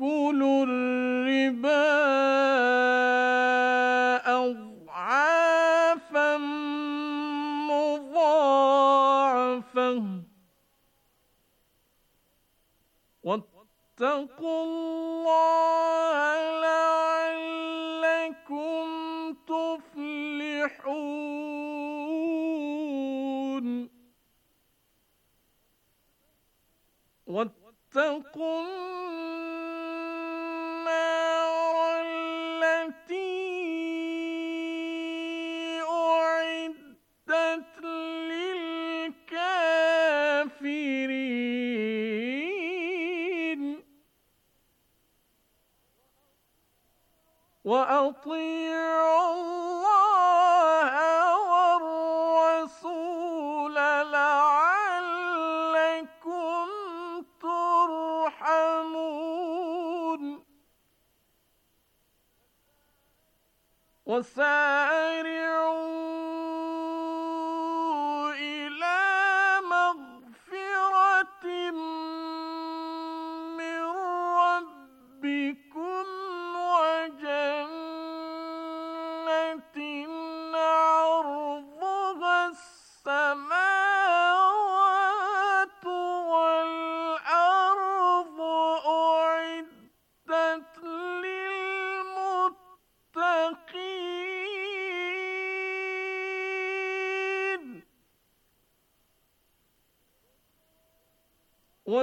يَأْكُلُ الرِّبَا أَضْعَافًا مُضَاعَفَةً وَاتَّقُوا اللَّهَ لَعَلَّكُمْ تُفْلِحُونَ وَاتَّقُوا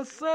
الساعة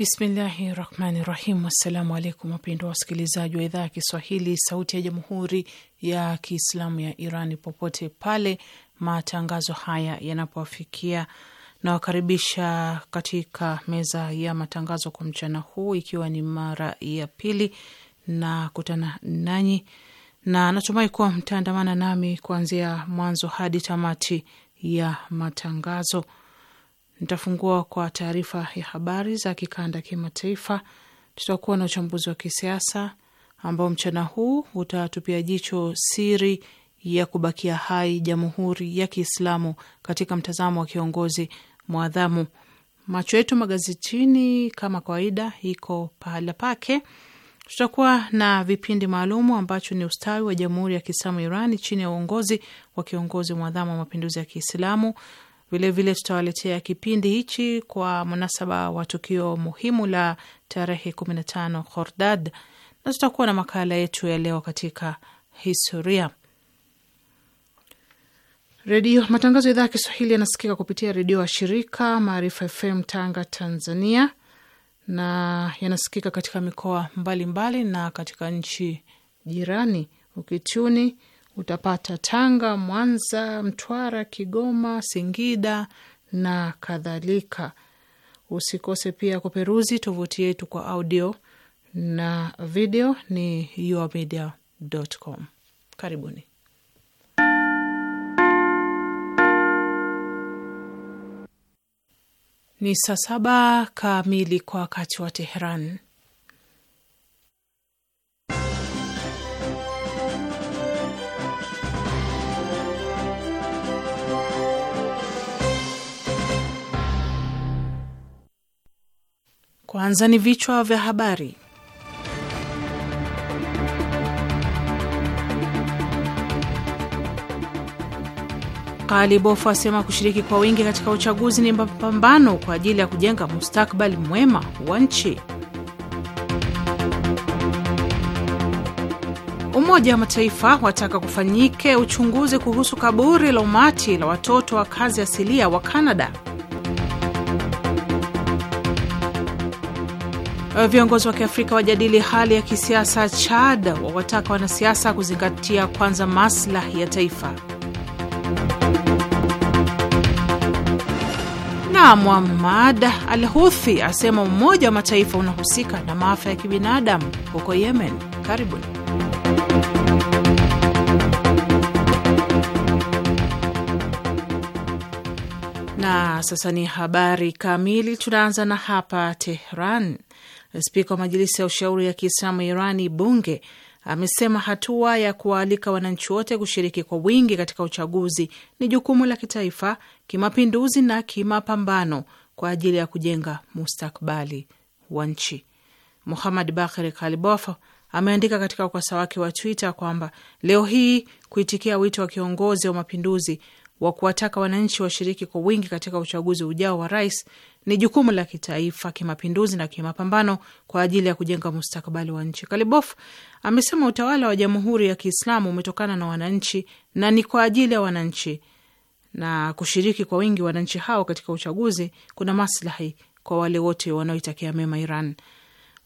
Bismillahi rahmani rahim. Assalamu alaikum wapendwa wasikilizaji wa idhaa ya Kiswahili sauti ya jamhuri ya Kiislamu ya Iran popote pale matangazo haya yanapowafikia, nawakaribisha katika meza ya matangazo kwa mchana huu, ikiwa ni mara ya pili na kutana nanyi, na natumai kuwa mtaandamana nami kuanzia mwanzo hadi tamati ya matangazo. Nitafungua kwa taarifa ya habari za kikanda, kimataifa. Tutakuwa na uchambuzi wa kisiasa ambao mchana huu utatupia jicho siri ya kubakia hai Jamhuri ya Kiislamu katika mtazamo wa kiongozi mwadhamu. Macho yetu magazetini kama kawaida iko pahala pake. Tutakuwa na vipindi maalumu ambacho ni ustawi wa Jamhuri ya Kiislamu Iran chini ya uongozi wa kiongozi mwadhamu wa mapinduzi ya Kiislamu. Vilevile tutawaletea kipindi hichi kwa munasaba wa tukio muhimu la tarehe 15 Khordad, na tutakuwa na makala yetu ya leo katika historia. Redio matangazo ya idhaa ya Kiswahili yanasikika kupitia redio wa shirika Maarifa FM Tanga, Tanzania, na yanasikika katika mikoa mbalimbali mbali na katika nchi jirani. Ukituni utapata Tanga, Mwanza, Mtwara, Kigoma, Singida na kadhalika. Usikose pia kuperuzi tovuti yetu kwa audio na video ni yourmedia.com. Karibuni. Ni saa saba kamili kwa wakati wa Teheran. Kwanza ni vichwa vya habari. Ali Bofu asema kushiriki kwa wingi katika uchaguzi ni mapambano kwa ajili ya kujenga mustakbali mwema wa nchi. Umoja wa Mataifa wataka kufanyike uchunguzi kuhusu kaburi la umati la watoto wa kazi asilia wa Kanada Eh, viongozi wa Kiafrika wajadili hali ya kisiasa Chad, wawataka wanasiasa kuzingatia kwanza maslahi ya taifa. Na Muhammad al Huthi asema Umoja wa Mataifa unahusika na maafa ya kibinadamu huko Yemen. Karibuni. Na sasa ni habari kamili. Tunaanza na hapa Tehran. Spika wa Majilisi ya Ushauri ya Kiislamu Irani, bunge, amesema hatua ya kuwaalika wananchi wote kushiriki kwa wingi katika uchaguzi ni jukumu la kitaifa, kimapinduzi na kimapambano kwa ajili ya kujenga mustakbali wa nchi. Muhamad Bakri Kalibof ameandika katika ukurasa wake wa Twitter kwamba leo hii kuitikia wito wa kiongozi wa mapinduzi wa kuwataka wananchi washiriki kwa wingi katika uchaguzi ujao wa rais ni jukumu la kitaifa, kimapinduzi na kimapambano kwa ajili ya kujenga mustakabali wa nchi. Kalibof amesema utawala wa Jamhuri ya Kiislamu umetokana na wananchi na ni kwa ajili ya wananchi, na kushiriki kwa wingi wananchi hao katika uchaguzi kuna maslahi kwa wale wote wanaoitakia mema Iran.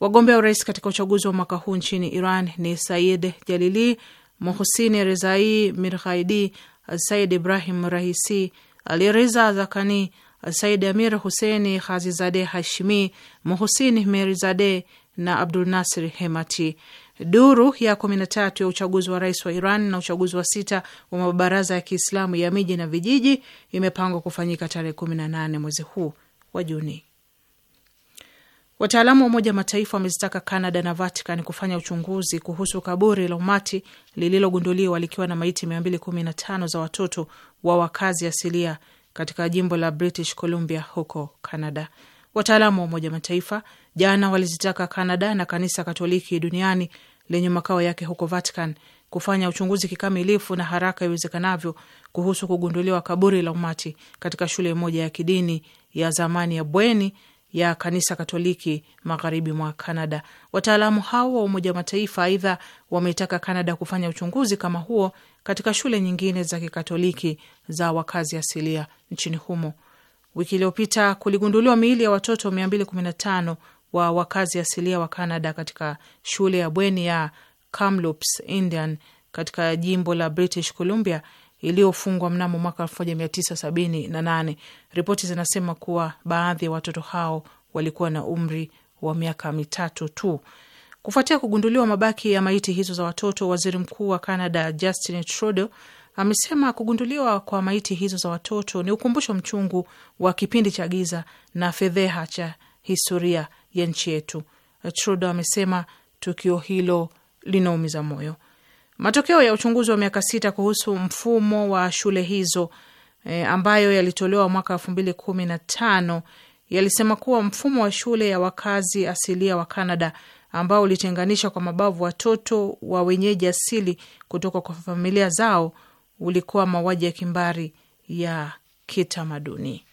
Wagombea urais katika uchaguzi wa mwaka huu nchini Iran ni Said Jalili, Mohsini Rezai Mirhaidi, Said Ibrahim Rahisi, Alireza Zakani, Said Amir Huseni Khazizade Hashimi, Muhusini Merizade na Abdul Nasir Hemati. Duru ya kumi na tatu ya uchaguzi wa rais wa Iran na uchaguzi wa sita wa mabaraza ya Kiislamu ya miji na vijiji imepangwa kufanyika tarehe kumi na nane mwezi huu wa Juni. Wataalamu wa Umoja Mataifa wamezitaka Canada na Vatican kufanya uchunguzi kuhusu kaburi la umati lililogunduliwa likiwa na maiti 215 za watoto wa wakazi asilia katika jimbo la British Columbia huko Canada. Wataalamu wa Umoja Mataifa jana walizitaka Canada na Kanisa Katoliki duniani lenye makao yake huko Vatican kufanya uchunguzi kikamilifu na haraka iwezekanavyo kuhusu kugunduliwa kaburi la umati katika shule moja ya kidini ya zamani ya bweni ya kanisa Katoliki magharibi mwa canada Wataalamu hao wa Umoja wa Mataifa aidha wametaka Canada kufanya uchunguzi kama huo katika shule nyingine za kikatoliki za wakazi asilia nchini humo. Wiki iliyopita kuligunduliwa miili ya watoto 215 wa wakazi asilia wa Canada katika shule ya bweni ya Kamloops Indian katika jimbo la British Columbia iliyofungwa mnamo mwaka 1978. Ripoti zinasema kuwa baadhi ya watoto hao walikuwa na umri wa miaka mitatu tu. Kufuatia kugunduliwa mabaki ya maiti hizo za watoto, waziri mkuu wa Canada Justin Trudeau amesema kugunduliwa kwa maiti hizo za watoto ni ukumbusho mchungu wa kipindi cha giza na fedheha cha historia ya nchi yetu. Trudeau amesema tukio hilo linaumiza moyo. Matokeo ya uchunguzi wa miaka sita kuhusu mfumo wa shule hizo e, ambayo yalitolewa mwaka elfu mbili kumi na tano yalisema kuwa mfumo wa shule ya wakazi asilia wa Canada ambao ulitenganisha kwa mabavu watoto wa wenyeji asili kutoka kwa familia zao ulikuwa mauaji ya kimbari ya kitamaduni.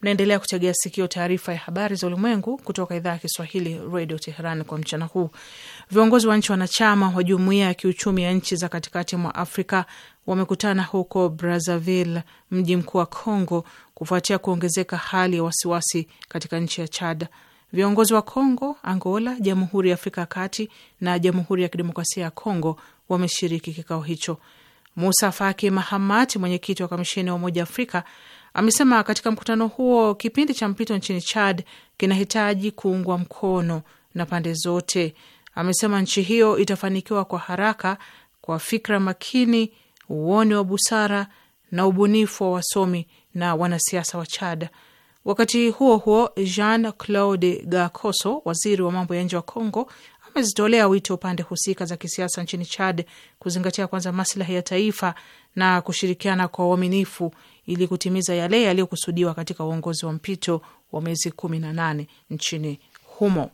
Mnaendelea kutegea sikio taarifa ya habari za ulimwengu kutoka idhaa ya Kiswahili redio Teheran. Kwa mchana huu, viongozi wa nchi wanachama wa jumuiya ya kiuchumi ya nchi za katikati mwa Afrika wamekutana huko Brazzaville, mji mkuu wa Congo, kufuatia kuongezeka hali ya wasiwasi katika nchi ya Chad Viongozi wa Kongo, Angola, Jamhuri ya Afrika ya Kati na Jamhuri ya Kidemokrasia ya Kongo wameshiriki kikao hicho. Musa Faki Mahamat, mwenyekiti wa kamisheni ya Umoja Afrika, amesema katika mkutano huo kipindi cha mpito nchini Chad kinahitaji kuungwa mkono na pande zote. Amesema nchi hiyo itafanikiwa kwa haraka kwa fikra makini, uoni wa busara na ubunifu wa wasomi na wanasiasa wa Chad. Wakati huo huo, Jean Claude Gakoso, waziri wa mambo ya nje wa Congo, amezitolea wito pande husika za kisiasa nchini Chad kuzingatia kwanza maslahi ya taifa na kushirikiana kwa uaminifu ili kutimiza yale yaliyokusudiwa katika uongozi wa mpito wa miezi kumi na nane nchini humo.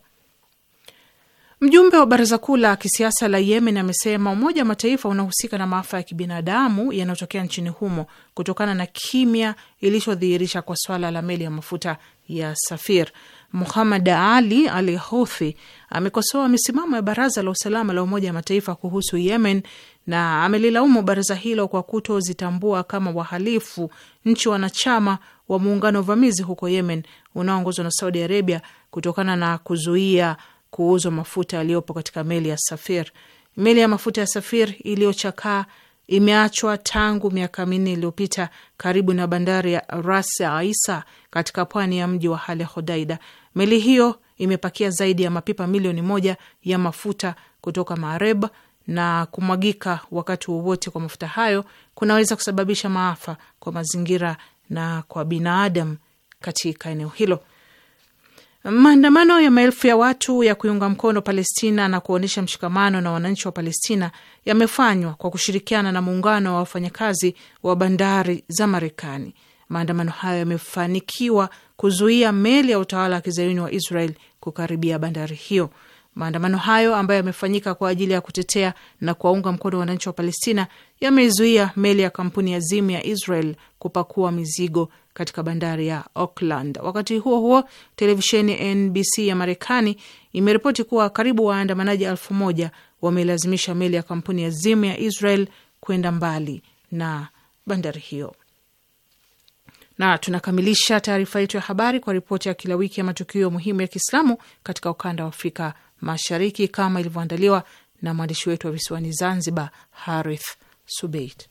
Mjumbe wa baraza kuu la kisiasa la Yemen amesema Umoja wa Mataifa unahusika na maafa ya kibinadamu yanayotokea nchini humo kutokana na kimya ilichodhihirisha kwa swala la meli ya mafuta ya Safir. Muhamad Ali Al Houthi amekosoa misimamo ya baraza la usalama la Umoja wa Mataifa kuhusu Yemen na amelilaumu baraza hilo kwa kutozitambua kama wahalifu nchi wanachama wa muungano wa uvamizi huko Yemen unaoongozwa na Saudi Arabia kutokana na kuzuia kuuzwa mafuta yaliyopo katika meli ya Safir. Meli ya mafuta ya Safir iliyochakaa imeachwa tangu miaka minne iliyopita karibu na bandari ya Ras Aisa katika pwani ya mji wa Hale Hodaida. Meli hiyo imepakia zaidi ya mapipa milioni moja ya mafuta kutoka Mareb na kumwagika wakati wowote kwa mafuta hayo kunaweza kusababisha maafa kwa mazingira na kwa binadamu katika eneo hilo. Maandamano ya maelfu ya watu ya kuiunga mkono Palestina na kuonyesha mshikamano na wananchi wa Palestina yamefanywa kwa kushirikiana na muungano wa wafanyakazi wa bandari za Marekani. Maandamano hayo yamefanikiwa kuzuia meli ya utawala wa kizayuni wa Israel kukaribia bandari hiyo. Maandamano hayo ambayo yamefanyika kwa ajili ya kutetea na kuwaunga mkono wananchi wa Palestina yameizuia meli ya kampuni ya Zimu ya Israel kupakua mizigo katika bandari ya Auckland. Wakati huo huo, televisheni NBC ya Marekani imeripoti kuwa karibu waandamanaji elfu moja wamelazimisha meli ya kampuni ya Zimu ya Israel kwenda mbali na bandari hiyo. Na tunakamilisha taarifa yetu ya habari kwa ripoti ya kila wiki ya matukio muhimu ya Kiislamu katika ukanda wa Afrika Mashariki, kama ilivyoandaliwa na mwandishi wetu wa visiwani Zanzibar, Harith Subeit.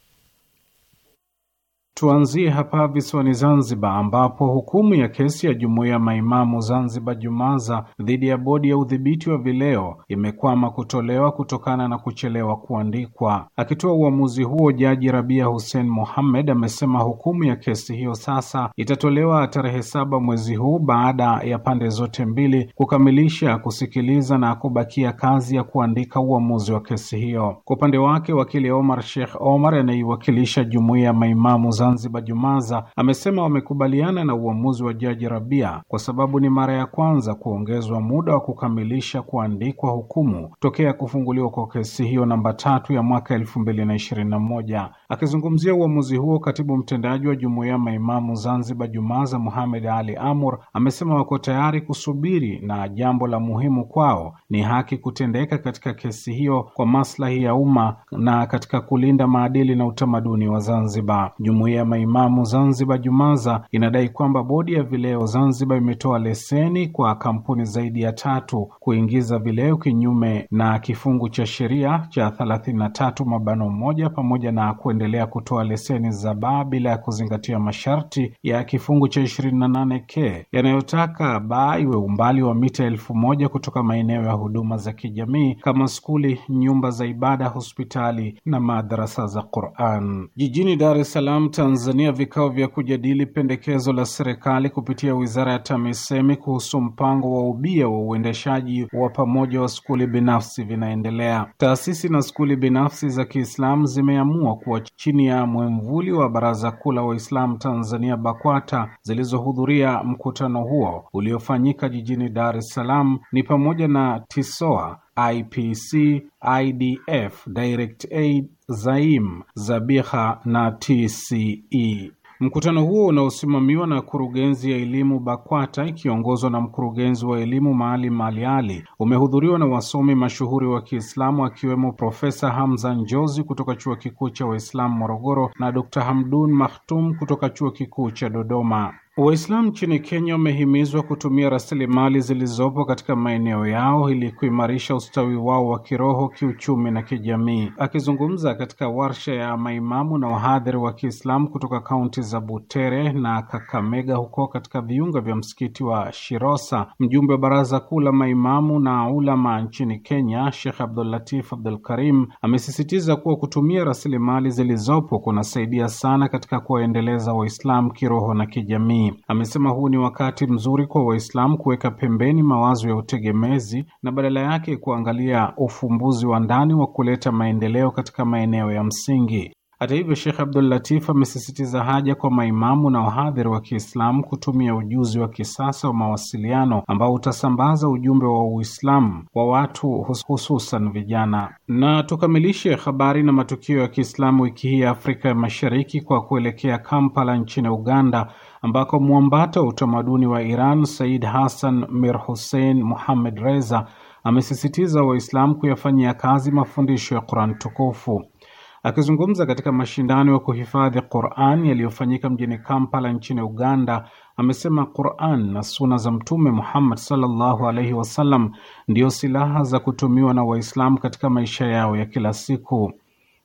Tuanzie hapa visiwani Zanzibar ambapo hukumu ya kesi ya Jumuiya ya Maimamu Zanzibar Jumaza dhidi ya Bodi ya Udhibiti wa Vileo imekwama kutolewa kutokana na kuchelewa kuandikwa. Akitoa uamuzi huo, Jaji Rabia Hussein Mohammed amesema hukumu ya kesi hiyo sasa itatolewa tarehe saba mwezi huu baada ya pande zote mbili kukamilisha kusikiliza na kubakia kazi ya kuandika uamuzi wa kesi hiyo. Kwa upande wake, wakili Omar Sheikh Omar anaiwakilisha Jumuiya ya Maimamu Zanzibar Zanzibar Jumaza amesema wamekubaliana na uamuzi wa Jaji Rabia kwa sababu ni mara ya kwanza kuongezwa muda wa kukamilisha kuandikwa hukumu tokea kufunguliwa kwa kesi hiyo namba tatu ya mwaka elfu mbili na ishirini na moja. Akizungumzia uamuzi huo, katibu mtendaji wa Jumuiya Maimamu Zanzibar Jumaza Muhamed Ali Amur amesema wako tayari kusubiri na jambo la muhimu kwao ni haki kutendeka katika kesi hiyo kwa maslahi ya umma na katika kulinda maadili na utamaduni wa Zanzibar. Jumuiya ya maimamu Zanzibar Jumaza inadai kwamba bodi ya vileo Zanzibar imetoa leseni kwa kampuni zaidi ya tatu kuingiza vileo kinyume na kifungu cha sheria cha thelathini na tatu mabano moja pamoja na kuendelea kutoa leseni za baa bila ya kuzingatia masharti ya kifungu cha ishirini na nane k yanayotaka baa iwe umbali wa mita elfu moja kutoka maeneo ya huduma za kijamii kama skuli, nyumba za ibada, hospitali na madrasa za Quran jijini Dar es Salaam Tanzania vikao vya kujadili pendekezo la serikali kupitia wizara ya TAMISEMI kuhusu mpango wa ubia wa uendeshaji wa pamoja wa skuli binafsi vinaendelea. Taasisi na skuli binafsi za Kiislamu zimeamua kuwa chini ya mwemvuli wa Baraza Kuu la Waislamu Tanzania BAKWATA zilizohudhuria mkutano huo uliofanyika jijini Dar es Salaam ni pamoja na TISOA IPC, IDF, Direct Aid, Zaim, Zabiha na TCE. Mkutano huo unaosimamiwa na kurugenzi ya elimu BAKWATA ikiongozwa na mkurugenzi wa elimu Maalim Maliali umehudhuriwa na wasomi mashuhuri wa Kiislamu akiwemo Profesa Hamza Njozi kutoka chuo kikuu cha Waislamu Morogoro na Dr Hamdun Mahtum kutoka chuo kikuu cha Dodoma. Waislamu nchini Kenya wamehimizwa kutumia rasilimali zilizopo katika maeneo yao ili kuimarisha ustawi wao wa kiroho, kiuchumi na kijamii. Akizungumza katika warsha ya maimamu na wahadhiri wa Kiislamu kutoka kaunti za Butere na Kakamega huko katika viunga vya msikiti wa Shirosa, mjumbe wa Baraza Kuu la Maimamu na Ulama nchini Kenya, Sheikh Abdul Latif Abdul Karim amesisitiza kuwa kutumia rasilimali zilizopo kunasaidia sana katika kuwaendeleza Waislamu kiroho na kijamii. Amesema huu ni wakati mzuri kwa Waislamu kuweka pembeni mawazo ya utegemezi na badala yake kuangalia ufumbuzi wa ndani wa kuleta maendeleo katika maeneo ya msingi. Hata hivyo, Sheikh Abdul Latif amesisitiza haja kwa maimamu na wahadhiri wa Kiislamu kutumia ujuzi wa kisasa wa mawasiliano ambao utasambaza ujumbe wa Uislamu wa watu hususan vijana. Na tukamilishe habari na matukio ya Kiislamu wiki hii ya Afrika ya Mashariki kwa kuelekea Kampala nchini Uganda ambako mwambato wa utamaduni wa Iran Said Hassan Mir Hussein Muhammad Reza amesisitiza Waislamu kuyafanyia kazi mafundisho ya Quran tukufu. Akizungumza katika mashindano ya kuhifadhi Quran yaliyofanyika mjini Kampala nchini Uganda, amesema Quran na suna za Mtume Muhammad sallallahu alaihi wasallam ndiyo silaha za kutumiwa na Waislamu katika maisha yao ya kila siku.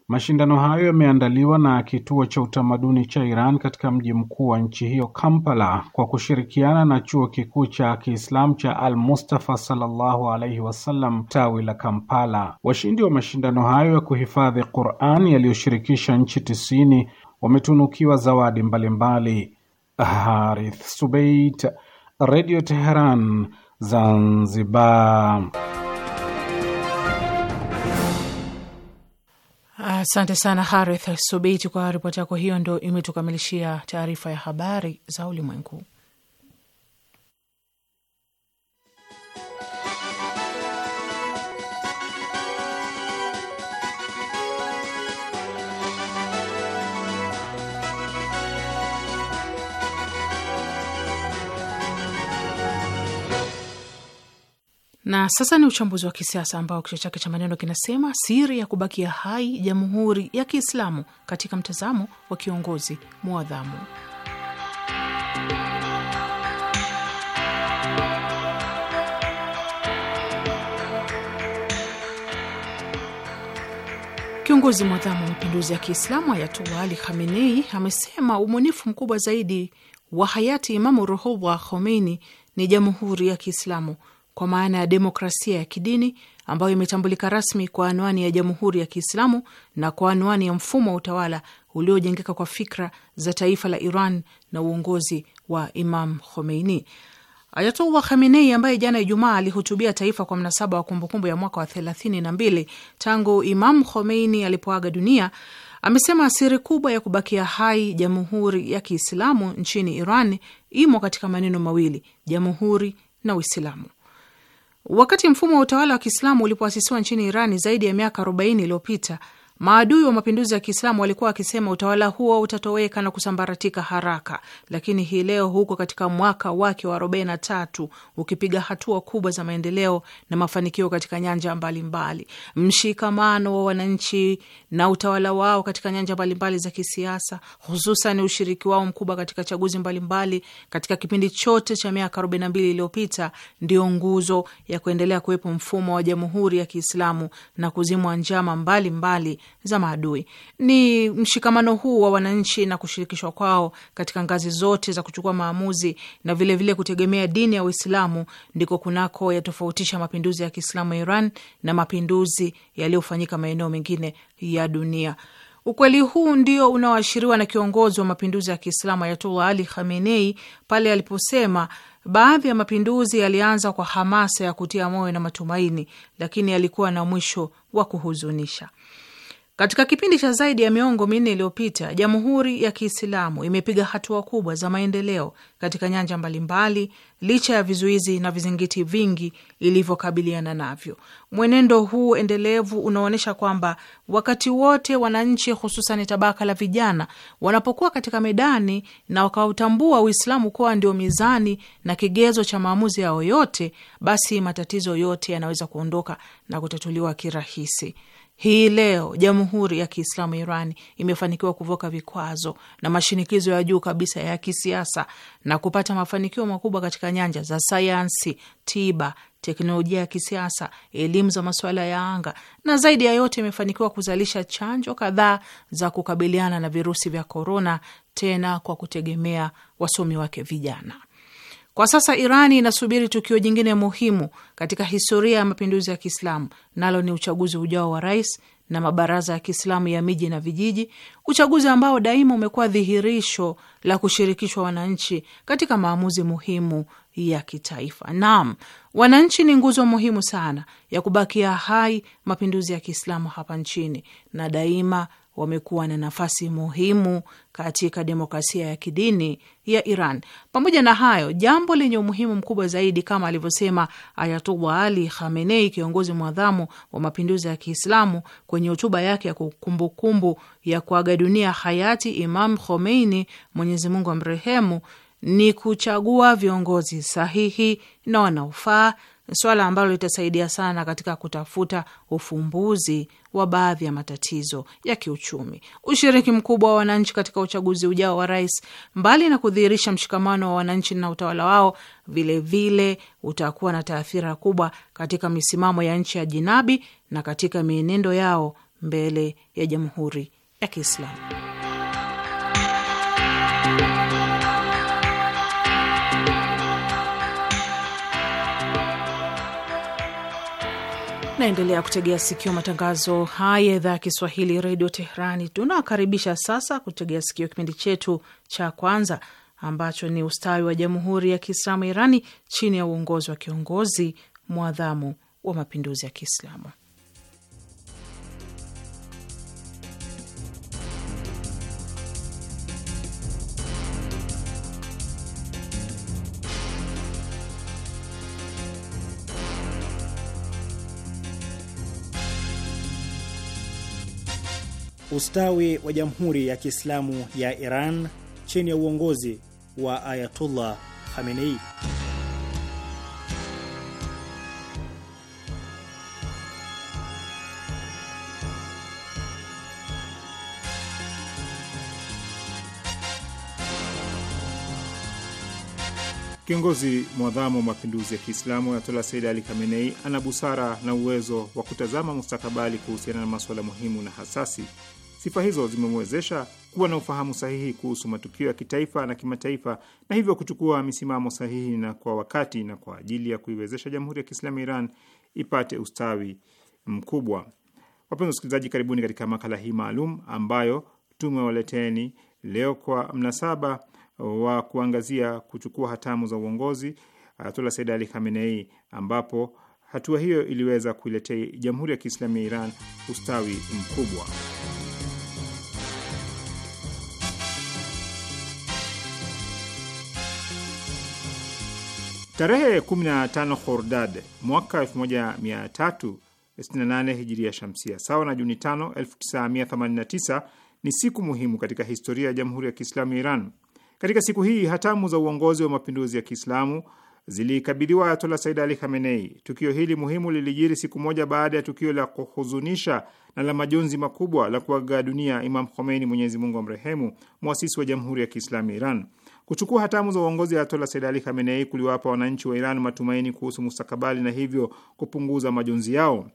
Mashindano hayo yameandaliwa na Kituo cha Utamaduni cha Iran katika mji mkuu wa nchi hiyo Kampala kwa kushirikiana na Chuo Kikuu cha Kiislamu cha Al Mustafa sallallahu alaihi wasallam tawi la Kampala. Washindi wa mashindano hayo ya kuhifadhi Qur'an yaliyoshirikisha nchi tisini wametunukiwa zawadi mbalimbali. Harith Subait, Radio Teheran, Zanzibar. Asante sana Harith Subiti kwa ripoti yako hiyo. Ndo imetukamilishia taarifa ya habari za ulimwengu. Na sasa ni uchambuzi wa kisiasa ambao kichwa chake cha maneno kinasema siri ya kubakia hai jamhuri ya Kiislamu katika mtazamo wa kiongozi mwadhamu. Kiongozi mwadhamu wa mapinduzi ya Kiislamu Ayatullah Ali Khamenei amesema ubunifu mkubwa zaidi wa hayati Imamu Ruhullah Khomeini ni jamhuri ya Kiislamu kwa maana ya demokrasia ya kidini ambayo imetambulika rasmi kwa anwani ya Jamhuri ya Kiislamu na kwa anwani ya mfumo wa utawala uliojengeka kwa fikra za taifa la Iran na uongozi wa Imam Khomeini. Ayatullah Khamenei ambaye jana Ijumaa alihutubia taifa kwa mnasaba wa kumbukumbu ya mwaka wa thelathini na mbili tangu Imam Khomeini alipoaga dunia amesema siri kubwa ya kubakia hai jamhuri ya Kiislamu nchini Iran imo katika maneno mawili, jamhuri na Uislamu. Wakati mfumo wa utawala wa Kiislamu ulipoasisiwa nchini Irani zaidi ya miaka 40 iliyopita, Maadui wa mapinduzi ya Kiislamu walikuwa wakisema utawala huo utatoweka na kusambaratika haraka, lakini hii leo huko katika mwaka wake wa 43 ukipiga hatua kubwa za maendeleo na mafanikio katika nyanja mbalimbali mbali. Mshikamano wa wananchi na utawala wao katika nyanja mbalimbali mbali za kisiasa, hususan ushiriki wao mkubwa katika chaguzi mbalimbali mbali, katika kipindi chote cha miaka 42 iliyopita ndio nguzo ya kuendelea kuwepo mfumo wa jamhuri ya Kiislamu na kuzimwa njama mbalimbali mbali za maadui. Ni mshikamano huu wa wananchi na kushirikishwa kwao katika ngazi zote za kuchukua maamuzi na vilevile vile kutegemea dini ya Uislamu ndiko kunako yatofautisha mapinduzi ya Kiislamu ya Iran na mapinduzi yaliyofanyika maeneo mengine ya dunia. Ukweli huu ndio unaoashiriwa na kiongozi wa mapinduzi ya Kiislamu Ayatullah Ali Khamenei pale aliposema baadhi ya mapinduzi yalianza kwa hamasa ya kutia moyo na matumaini, lakini yalikuwa na mwisho wa kuhuzunisha. Katika kipindi cha zaidi ya miongo minne iliyopita, Jamhuri ya Kiislamu imepiga hatua kubwa za maendeleo katika nyanja mbalimbali licha ya vizuizi na vizingiti vingi ilivyokabiliana navyo. Mwenendo huu endelevu unaonyesha kwamba wakati wote wananchi, hususan tabaka la vijana, wanapokuwa katika medani na wakautambua Uislamu kuwa ndio mizani na kigezo cha maamuzi yao yote, basi matatizo yote yanaweza kuondoka na kutatuliwa kirahisi. Hii leo Jamhuri ya Kiislamu Iran imefanikiwa kuvuka vikwazo na mashinikizo ya juu kabisa ya kisiasa na kupata mafanikio makubwa katika nyanja za sayansi, tiba, teknolojia ya kisiasa, elimu za masuala ya anga, na zaidi ya yote imefanikiwa kuzalisha chanjo kadhaa za kukabiliana na virusi vya korona, tena kwa kutegemea wasomi wake vijana. Kwa sasa Irani inasubiri tukio jingine muhimu katika historia ya mapinduzi ya Kiislamu, nalo ni uchaguzi ujao wa rais na mabaraza ya Kiislamu ya miji na vijiji, uchaguzi ambao daima umekuwa dhihirisho la kushirikishwa wananchi katika maamuzi muhimu ya kitaifa. Naam, wananchi ni nguzo muhimu sana ya kubakia hai mapinduzi ya Kiislamu hapa nchini na daima wamekuwa na nafasi muhimu katika demokrasia ya kidini ya Iran. Pamoja na hayo, jambo lenye umuhimu mkubwa zaidi, kama alivyosema Ayatullah Ali Khamenei, kiongozi mwadhamu wa mapinduzi ya Kiislamu, kwenye hotuba yake ya kumbukumbu ya kuaga dunia hayati Imam Khomeini, Mwenyezi Mungu amrehemu, ni kuchagua viongozi sahihi na wanaofaa swala ambalo litasaidia sana katika kutafuta ufumbuzi wa baadhi ya matatizo ya kiuchumi. Ushiriki mkubwa wa wananchi katika uchaguzi ujao wa rais, mbali na kudhihirisha mshikamano wa wananchi na utawala wao, vilevile utakuwa na taathira kubwa katika misimamo ya nchi ya jinabi na katika mienendo yao mbele ya Jamhuri ya Kiislamu. Naendelea kutegea sikio matangazo haya idhaa ya Kiswahili redio Teherani. Tunawakaribisha sasa kutegea sikio kipindi chetu cha kwanza ambacho ni ustawi wa jamhuri ya Kiislamu Irani chini ya uongozi wa kiongozi mwadhamu wa mapinduzi ya Kiislamu. ustawi wa Jamhuri ya Kiislamu ya Iran chini ya uongozi wa Ayatullah Khamenei. Kiongozi mwadhamu wa mapinduzi ya Kiislamu Ayatola Said Ali Khamenei ana busara na uwezo wa kutazama mustakabali kuhusiana na masuala muhimu na hasasi Sifa hizo zimemwezesha kuwa na ufahamu sahihi kuhusu matukio ya kitaifa na kimataifa na hivyo kuchukua misimamo sahihi na kwa wakati na kwa ajili ya kuiwezesha Jamhuri ya Kiislamu Iran ipate ustawi mkubwa. Wapenzi wasikilizaji, karibuni katika makala hii maalum ambayo tumewaleteni leo kwa mnasaba wa kuangazia kuchukua hatamu za uongozi Ayatullah Said Ali Khamenei, ambapo hatua hiyo iliweza kuiletea Jamhuri ya Kiislamu ya Iran ustawi mkubwa. Tarehe 15 Khordad mwaka 1368 hijiria shamsia, sawa na Juni 5, 1989 ni siku muhimu katika historia ya Jamhuri ya Kiislamu ya Iran. Katika siku hii hatamu za uongozi wa mapinduzi ya Kiislamu zilikabidhiwa Ayatollah Said Ali Khamenei. Tukio hili muhimu lilijiri siku moja baada ya tukio la kuhuzunisha na la majonzi makubwa la kuaga dunia Imam Khomeini, Mwenyezi Mungu amrehemu, mwasisi wa Jamhuri ya Kiislamu ya Iran. Kuchukua hatamu za uongozi Ayatollah Said Ali Khamenei kuliwapa wananchi wa Iran matumaini kuhusu mustakabali na hivyo kupunguza majonzi yao.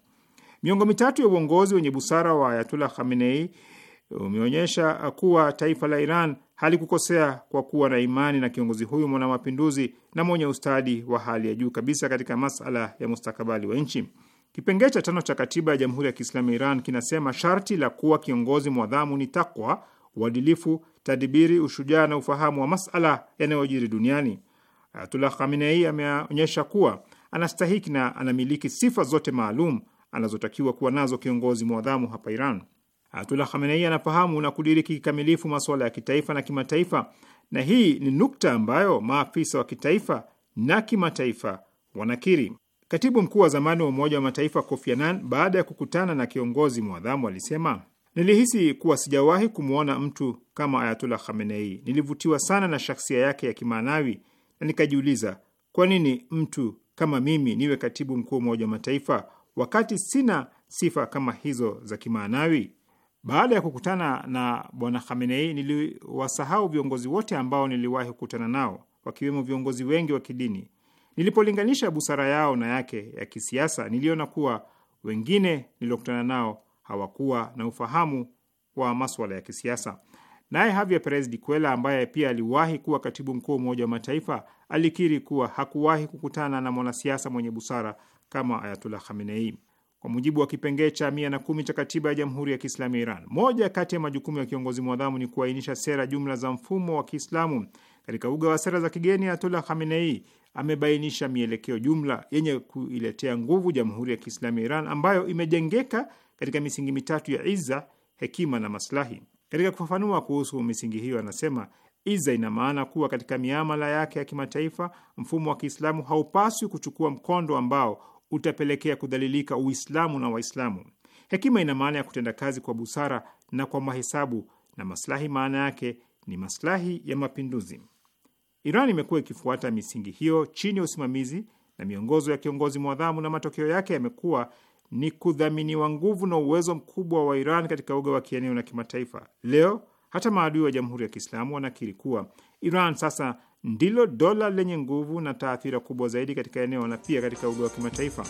Miongo mitatu ya uongozi wenye busara wa Ayatollah Khamenei umeonyesha kuwa taifa la Iran halikukosea kwa kuwa na imani na kiongozi huyu mwana mapinduzi na mwenye ustadi wa hali ya juu kabisa katika masala ya mustakabali wa nchi. Kipengee cha tano cha katiba ya Jamhuri ya Kiislamu ya Iran kinasema sharti la kuwa kiongozi mwadhamu ni takwa, uadilifu tadibiri, ushujaa na ufahamu wa masala yanayojiri duniani. Ayatullah Khamenei ameonyesha kuwa anastahiki na anamiliki sifa zote maalum anazotakiwa kuwa nazo kiongozi mwadhamu hapa Iran. Ayatullah Khamenei anafahamu na kudiriki kikamilifu masuala ya kitaifa na kimataifa, na hii ni nukta ambayo maafisa wa kitaifa na kimataifa wanakiri. Katibu mkuu wa zamani wa Umoja wa Mataifa Kofi Annan, baada ya kukutana na kiongozi mwadhamu, alisema Nilihisi kuwa sijawahi kumwona mtu kama Ayatullah Khamenei. Nilivutiwa sana na shaksia yake ya kimaanawi na nikajiuliza, kwa nini mtu kama mimi niwe katibu mkuu wa Umoja wa Mataifa wakati sina sifa kama hizo za kimaanawi? Baada ya kukutana na bwana Khamenei, niliwasahau viongozi wote ambao niliwahi kukutana nao, wakiwemo viongozi wengi wa kidini. Nilipolinganisha busara yao na yake ya kisiasa, niliona kuwa wengine niliokutana nao hawakuwa na ufahamu wa maswala ya kisiasa. Naye Javier Perez de Cuellar ambaye pia aliwahi kuwa katibu mkuu wa Umoja wa Mataifa alikiri kuwa hakuwahi kukutana na mwanasiasa mwenye busara kama Ayatullah Khamenei. Kwa mujibu wa kipengee cha mia na kumi cha katiba ya Jamhuri ya Kiislamu ya Iran, moja kati ya majukumu ya kiongozi mwadhamu ni kuainisha sera jumla za mfumo wa Kiislamu. Katika uga wa sera za kigeni, Ayatullah Khamenei amebainisha mielekeo jumla yenye kuiletea nguvu Jamhuri ya Kiislamu ya Iran ambayo imejengeka katika misingi mitatu ya iza, hekima na maslahi. Katika kufafanua kuhusu misingi hiyo, anasema iza ina maana kuwa katika miamala yake ya kimataifa mfumo wa Kiislamu haupaswi kuchukua mkondo ambao utapelekea kudhalilika Uislamu na Waislamu. Hekima ina maana ya kutenda kazi kwa busara na kwa mahesabu, na maslahi maana yake ni maslahi ya mapinduzi. Iran imekuwa ikifuata misingi hiyo chini ya usimamizi na miongozo ya kiongozi mwadhamu, na matokeo yake yamekuwa ni kudhaminiwa nguvu na uwezo mkubwa wa Iran katika uga wa kieneo na kimataifa. Leo hata maadui wa Jamhuri ya Kiislamu wanakiri kuwa Iran sasa ndilo dola lenye nguvu na taathira kubwa zaidi katika eneo na pia katika uga wa kimataifa.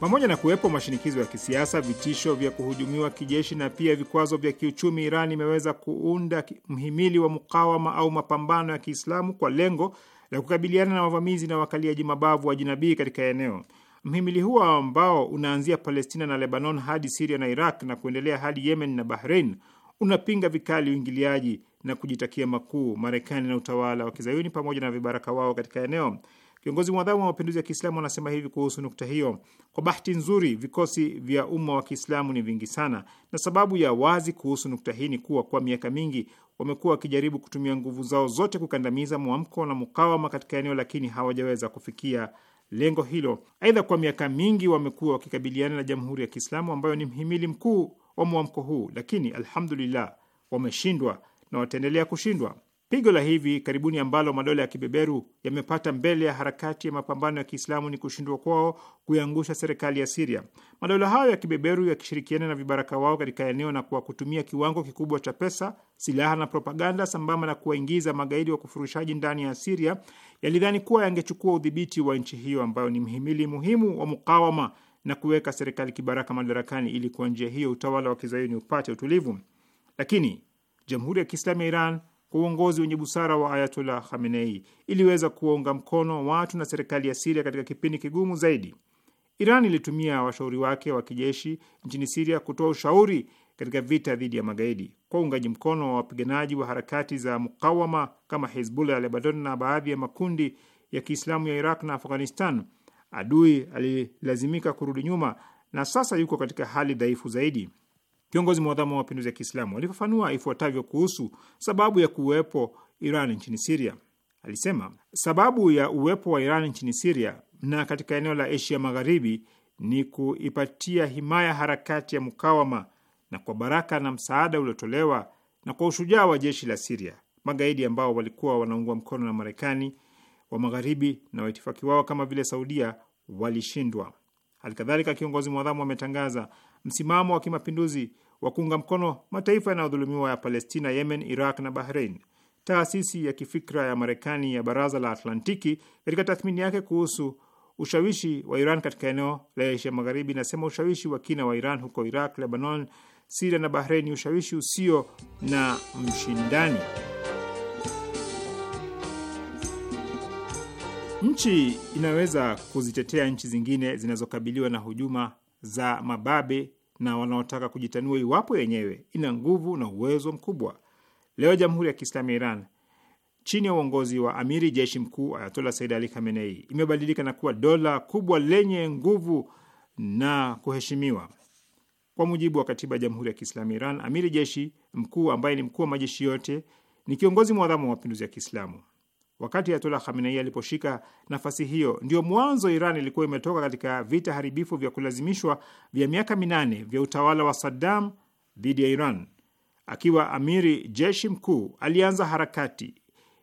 Pamoja na kuwepo mashinikizo ya kisiasa, vitisho vya kuhujumiwa kijeshi na pia vikwazo vya kiuchumi, Iran imeweza kuunda mhimili wa mukawama au mapambano ya Kiislamu kwa lengo la kukabiliana na wavamizi na wakaliaji mabavu wa jinabii katika eneo. Mhimili huo ambao unaanzia Palestina na Lebanon hadi Siria na Iraq na kuendelea hadi Yemen na bahrein unapinga vikali uingiliaji na kujitakia makuu Marekani na utawala wa kizayuni pamoja na vibaraka wao katika eneo. Kiongozi mwadhamu wa mapinduzi ya Kiislamu anasema hivi kuhusu nukta hiyo: kwa bahati nzuri, vikosi vya umma wa Kiislamu ni vingi sana, na sababu ya wazi kuhusu nukta hii ni kuwa kwa miaka mingi wamekuwa wakijaribu kutumia nguvu zao zote kukandamiza mwamko na mukawama katika eneo, lakini hawajaweza kufikia lengo hilo. Aidha, kwa miaka mingi wamekuwa wakikabiliana na Jamhuri ya Kiislamu ambayo ni mhimili mkuu wa mwamko huu, lakini alhamdulillah, wameshindwa na wataendelea kushindwa. Pigo la hivi karibuni ambalo madola ya kibeberu yamepata mbele ya harakati ya mapambano ya Kiislamu ni kushindwa kwao kuiangusha serikali ya Siria. Madola hayo ya kibeberu yakishirikiana na vibaraka wao katika eneo na kwa kutumia kiwango kikubwa cha pesa, silaha na propaganda, sambamba na kuwaingiza magaidi wa kufurushaji ndani ya Siria, yalidhani kuwa yangechukua udhibiti wa nchi hiyo ambayo ni mhimili muhimu wa mukawama na kuweka serikali kibaraka madarakani, ili kwa njia hiyo utawala wa kizayuni upate utulivu. Lakini jamhuri ya Kiislamu ya Iran kwa uongozi wenye busara wa Ayatollah Khamenei iliweza kuwaunga mkono watu na serikali ya Siria katika kipindi kigumu zaidi. Iran ilitumia washauri wake wa kijeshi nchini Siria kutoa ushauri katika vita dhidi ya magaidi kwa uungaji mkono wa wapiganaji wa harakati za mukawama kama Hezbollah ya Lebanon na baadhi ya makundi ya Kiislamu ya Iraq na Afghanistan. Adui alilazimika kurudi nyuma na sasa yuko katika hali dhaifu zaidi. Viongozi mwadhamu wa mapinduzi ya Kiislamu walifafanua ifuatavyo kuhusu sababu ya kuwepo Iran nchini Siria. Alisema sababu ya uwepo wa Iran nchini Siria na katika eneo la Asia Magharibi ni kuipatia himaya harakati ya mukawama, na kwa baraka na msaada uliotolewa na kwa ushujaa wa jeshi la Siria, magaidi ambao walikuwa wanaungwa mkono na Marekani wa Magharibi na waitifaki wao kama vile Saudia walishindwa. Halikadhalika, kiongozi mwadhamu ametangaza msimamo wa kimapinduzi wa kuunga mkono mataifa yanayodhulumiwa ya Palestina, Yemen, Iraq na Bahrain. Taasisi ya kifikra ya Marekani ya Baraza la Atlantiki katika tathmini yake kuhusu ushawishi wa Iran katika eneo la Asia Magharibi inasema ushawishi wa kina wa Iran huko Iraq, Lebanon, Siria na Bahrein ni ushawishi usio na mshindani. Nchi inaweza kuzitetea nchi zingine zinazokabiliwa na hujuma za mababe na wanaotaka kujitanua iwapo wenyewe ina nguvu na uwezo mkubwa. Leo Jamhuri ya Kiislamu ya Iran chini ya uongozi wa amiri jeshi mkuu Ayatola Said Ali Khamenei imebadilika na kuwa dola kubwa lenye nguvu na kuheshimiwa. Kwa mujibu wa katiba ya Jamhuri ya Kiislamu ya Iran, amiri jeshi mkuu ambaye ni mkuu wa majeshi yote ni kiongozi mwadhamu wa mapinduzi ya Kiislamu wakati Ayatollah Khamenei aliposhika nafasi hiyo. Ndio mwanzo Iran ilikuwa imetoka katika vita haribifu vya kulazimishwa vya miaka minane vya utawala wa Saddam dhidi ya Iran. Akiwa amiri jeshi mkuu, alianza harakati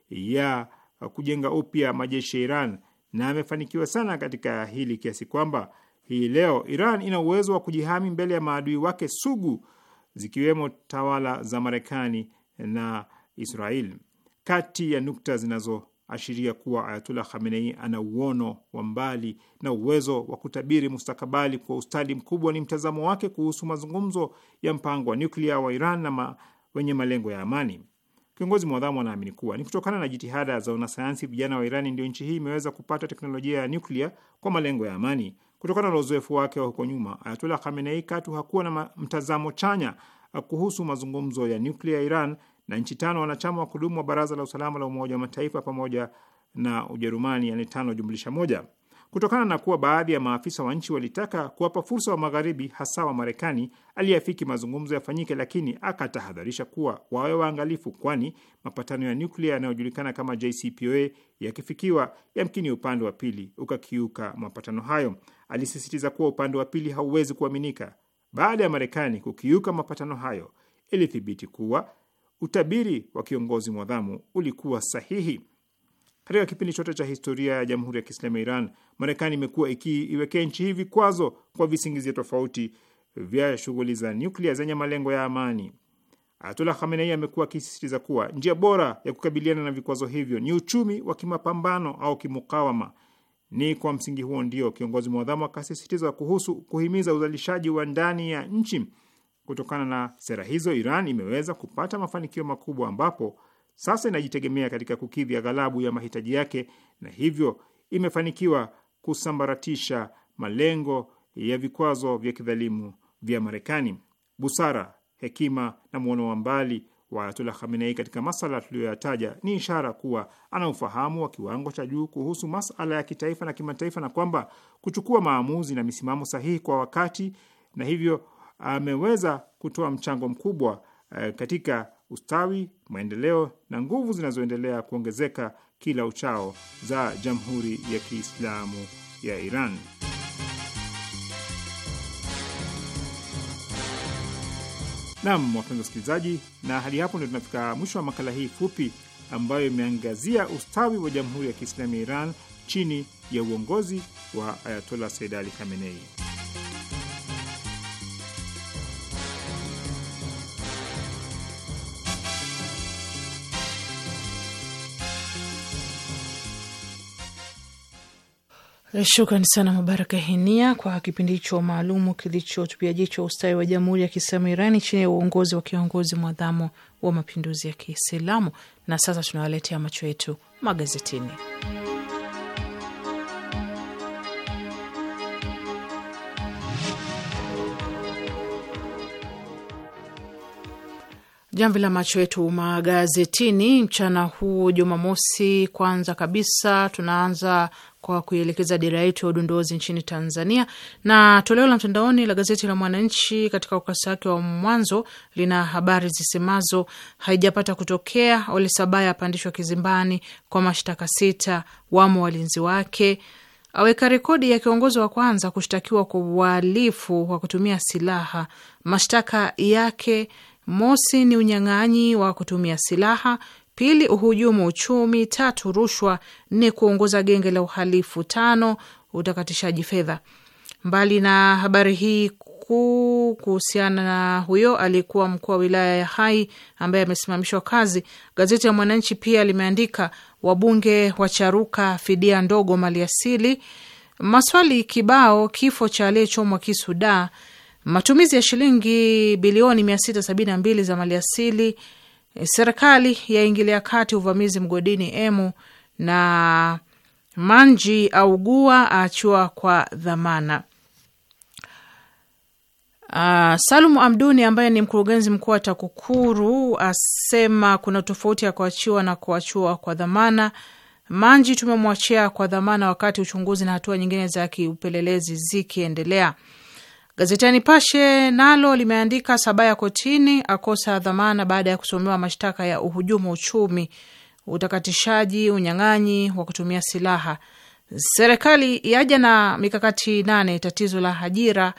ya kujenga upya majeshi ya Iran na amefanikiwa sana katika hili kiasi kwamba hii leo Iran ina uwezo wa kujihami mbele ya maadui wake sugu zikiwemo tawala za Marekani na Israeli kati ya nukta zinazoashiria kuwa Ayatullah Khamenei ana uono wa mbali na uwezo wa kutabiri mustakabali kwa ustadi mkubwa ni mtazamo wake kuhusu mazungumzo ya mpango wa nyuklia wa Iran na ma, wenye malengo ya amani. Kiongozi mwadhamu anaamini kuwa ni kutokana na jitihada za wanasayansi vijana wa Irani ndio nchi hii imeweza kupata teknolojia ya nyuklia kwa malengo ya amani. Kutokana na uzoefu wake wa huko nyuma, Ayatullah Khamenei katu hakuwa na mtazamo chanya uh, kuhusu mazungumzo ya nyuklia ya Iran na nchi tano wanachama wa kudumu wa Baraza la Usalama la Umoja wa Mataifa pamoja na Ujerumani, yani tano jumlisha moja. Kutokana na kuwa baadhi ya maafisa wa nchi walitaka kuwapa fursa wa Magharibi, hasa wa Marekani aliyeafiki mazungumzo yafanyike, lakini akatahadharisha kuwa wawe waangalifu, kwani mapatano ya nyuklia yanayojulikana kama JCPOA yakifikiwa, yamkini upande wa pili ukakiuka mapatano hayo. Alisisitiza kuwa upande wa pili hauwezi kuaminika. Baada ya Marekani kukiuka mapatano hayo, ilithibiti kuwa utabiri wa kiongozi mwadhamu ulikuwa sahihi. Katika kipindi chote cha historia ya Jamhuri ya Kiislamu ya Iran, Marekani imekuwa ikiiwekea nchi hii vikwazo kwa visingizio tofauti vya shughuli za nyuklia zenye malengo ya amani. Ayatullah Khamenei amekuwa akisisitiza kuwa njia bora ya kukabiliana na vikwazo hivyo ni uchumi wa kimapambano au kimukawama. Ni kwa msingi huo ndio kiongozi mwadhamu akasisitiza kuhusu kuhimiza uzalishaji wa ndani ya nchi Kutokana na sera hizo, Iran imeweza kupata mafanikio makubwa, ambapo sasa inajitegemea katika kukidhi aghalabu ya mahitaji yake, na hivyo imefanikiwa kusambaratisha malengo ya vikwazo vya kidhalimu vya Marekani. Busara, hekima na mwono wa mbali wa Ayatullah Khamenei katika masala tuliyoyataja ni ishara kuwa ana ufahamu wa kiwango cha juu kuhusu masala ya kitaifa na kimataifa, na kwamba kuchukua maamuzi na misimamo sahihi kwa wakati na hivyo ameweza kutoa mchango mkubwa eh, katika ustawi, maendeleo na nguvu zinazoendelea kuongezeka kila uchao za Jamhuri ya Kiislamu ya Iran. Nam, wapenzi wasikilizaji, na hadi hapo ndio tunafika mwisho wa makala hii fupi ambayo imeangazia ustawi wa Jamhuri ya Kiislamu ya Iran chini ya uongozi wa Ayatollah Said Ali Khamenei. shukrani sana Mubaraka Henia kwa kipindi hicho maalumu kilichotupia jicho ustawi wa Jamhuri ya Kiislamu Irani chini ya uongozi wa kiongozi mwadhamu wa mapinduzi ya Kiislamu. Na sasa tunawaletea macho yetu magazetini. Jamvi la macho yetu magazetini mchana huu Jumamosi. Kwanza kabisa tunaanza kwa kuielekeza dira yetu ya udondozi nchini Tanzania, na toleo la mtandaoni la gazeti la Mwananchi katika ukurasa wake wa mwanzo lina habari zisemazo haijapata kutokea, Ole Sabaya apandishwa kizimbani kwa mashtaka sita, wamo walinzi wake, aweka rekodi ya kiongozi wa kwanza kushtakiwa kwa uhalifu wa kutumia silaha, mashtaka yake Mosi ni unyang'anyi wa kutumia silaha, pili uhujumu uchumi, tatu rushwa, nne kuongoza genge la uhalifu, tano utakatishaji fedha. Mbali na habari hii kuu kuhusiana na huyo aliyekuwa mkuu wa wilaya ya Hai ambaye amesimamishwa kazi, gazeti ya Mwananchi pia limeandika wabunge wacharuka fidia ndogo maliasili, maswali kibao, kifo cha aliyechomwa kisu Matumizi ya shilingi bilioni mia sita mbili za maliasili. Eh, serikali yaingilia kati uvamizi mgodini Emu na Manji augua achua kwa dhamana. Uh, ah, Salumu Amduni ambaye ni mkurugenzi mkuu wa TAKUKURU asema kuna tofauti ya kuachiwa na kuachua kwa dhamana. Manji tumemwachia kwa dhamana wakati uchunguzi na hatua nyingine za kiupelelezi zikiendelea. Gazeti ya Nipashe nalo limeandika Sabaya kotini akosa dhamana baada ya kusomewa mashtaka ya uhujumu uchumi, utakatishaji, unyang'anyi wa kutumia silaha. Serikali yaja na mikakati nane tatizo la ajira.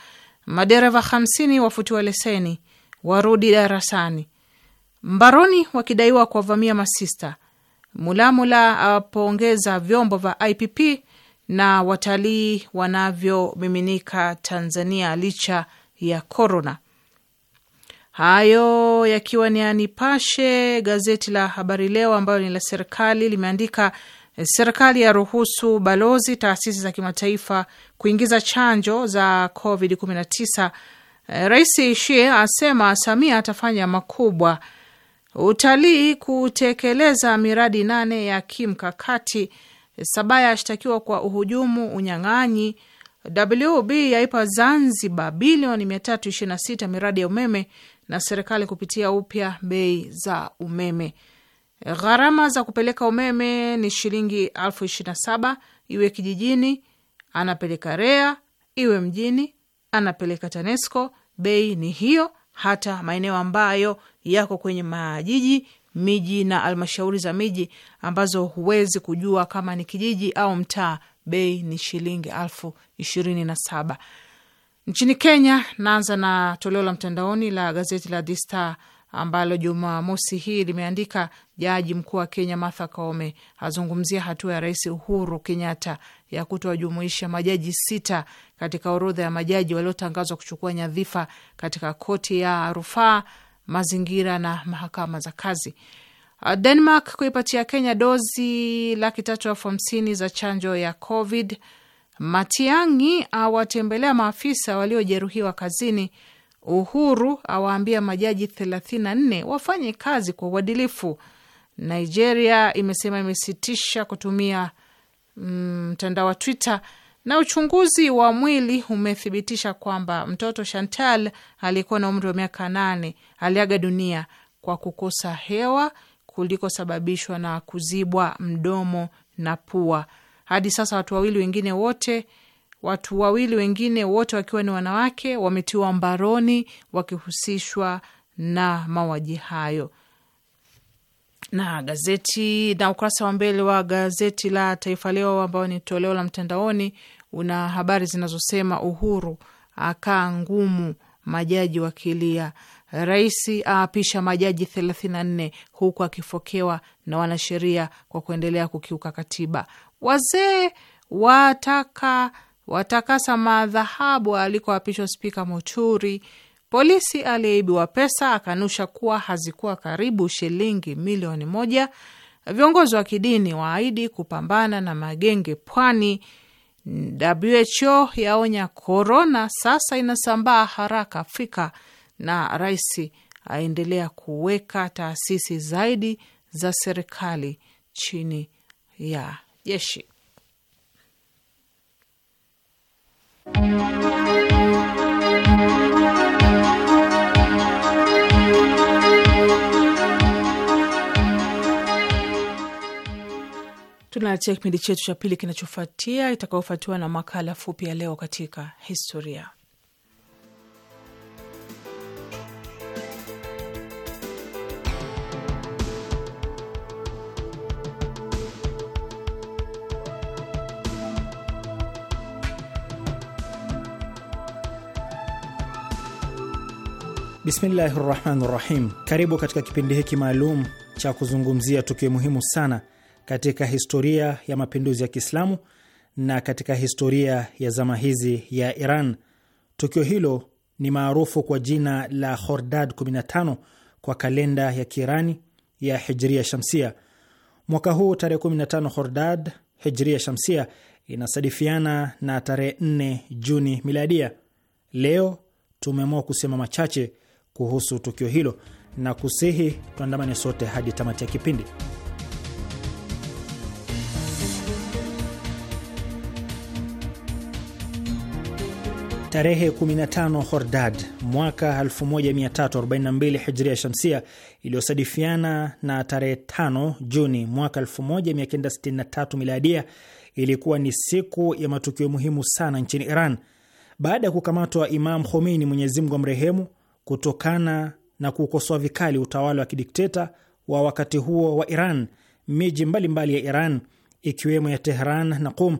Madereva hamsini wafutiwa leseni, warudi darasani. Mbaroni wakidaiwa kuwavamia masista. Mulamula apongeza vyombo vya IPP na watalii wanavyomiminika Tanzania licha ya korona. Hayo yakiwa ni Anipashe. Gazeti la Habari Leo ambayo ni la serikali limeandika serikali ya ruhusu balozi, taasisi za kimataifa kuingiza chanjo za Covid 19. Eh, Rais shie asema Samia atafanya makubwa. Utalii kutekeleza miradi nane ya kimkakati Sabaya ashtakiwa kwa uhujumu, unyang'anyi. WB yaipa Zanzibar bilioni 326 miradi ya umeme na serikali kupitia upya bei za umeme. Gharama za kupeleka umeme ni shilingi elfu ishirini na saba iwe kijijini anapeleka REA, iwe mjini anapeleka TANESCO. Bei ni hiyo hata maeneo ambayo yako kwenye majiji miji na almashauri za miji ambazo huwezi kujua kama ni kijiji au mtaa, bei ni shilingi elfu ishirini na saba. Nchini Kenya, naanza na toleo la mtandaoni la gazeti la The Star ambalo Jumamosi hii limeandika jaji mkuu wa Kenya Martha Koome azungumzia hatua ya Rais Uhuru Kenyatta ya kutowajumuisha majaji sita katika orodha ya majaji waliotangazwa kuchukua nyadhifa katika koti ya rufaa mazingira na mahakama za kazi. Uh, Denmark kuipatia Kenya dozi laki tatu elfu hamsini za chanjo ya Covid. Matiangi awatembelea maafisa waliojeruhiwa kazini. Uhuru awaambia majaji 34 wafanye kazi kwa uadilifu. Nigeria imesema imesitisha kutumia mm, mtandao mm, wa Twitter. Na uchunguzi wa mwili umethibitisha kwamba mtoto Chantal alikuwa na umri wa miaka nane aliaga dunia kwa kukosa hewa kulikosababishwa na kuzibwa mdomo na pua. Hadi sasa watu wawili wengine wote watu wawili wengine wote wakiwa ni wanawake wametiwa mbaroni wakihusishwa na mauaji hayo. Na gazeti na ukurasa wa mbele wa gazeti la Taifa Leo ambao ni toleo la mtandaoni una habari zinazosema Uhuru akaa ngumu, majaji wakilia Rais aapisha majaji 34 huku akifokewa na wanasheria kwa kuendelea kukiuka katiba. Wazee wataka watakasa madhahabu alikoapishwa spika Muturi. Polisi aliyeibiwa pesa akanusha kuwa hazikuwa karibu shilingi milioni moja. Viongozi wa kidini waahidi kupambana na magenge pwani. WHO yaonya korona sasa inasambaa haraka Afrika na rais aendelea kuweka taasisi zaidi za serikali chini ya jeshi. Tunaletia kipindi chetu cha pili kinachofuatia, itakayofuatiwa na makala fupi ya leo katika historia. Bismillahi rahmani rahim. Karibu katika kipindi hiki maalum cha kuzungumzia tukio muhimu sana katika historia ya mapinduzi ya Kiislamu na katika historia ya zama hizi ya Iran. Tukio hilo ni maarufu kwa jina la Khordad 15 kwa kalenda ya Kiirani ya Hijria Shamsia. Mwaka huu tarehe 15 Khordad Hijria Shamsia inasadifiana na tarehe 4 Juni Miladia. Leo tumeamua kusema machache kuhusu tukio hilo na kusihi tuandamane sote hadi tamati ya kipindi. Tarehe 15 Hordad mwaka 1342 Hijria Shamsia, iliyosadifiana na tarehe 5 Juni mwaka 1963 Miladia, ilikuwa ni siku ya matukio muhimu sana nchini Iran. Baada ya kukamatwa Imam Khomeini, Mwenyezi Mungu amrehemu, kutokana na kuukosoa vikali utawala wa kidikteta wa wakati huo wa Iran. Miji mbalimbali ya Iran ikiwemo ya Tehran na Qum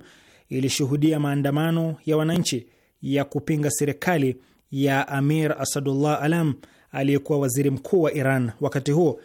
ilishuhudia maandamano ya wananchi ya kupinga serikali ya Amir Asadullah Alam aliyekuwa waziri mkuu wa Iran wakati huo.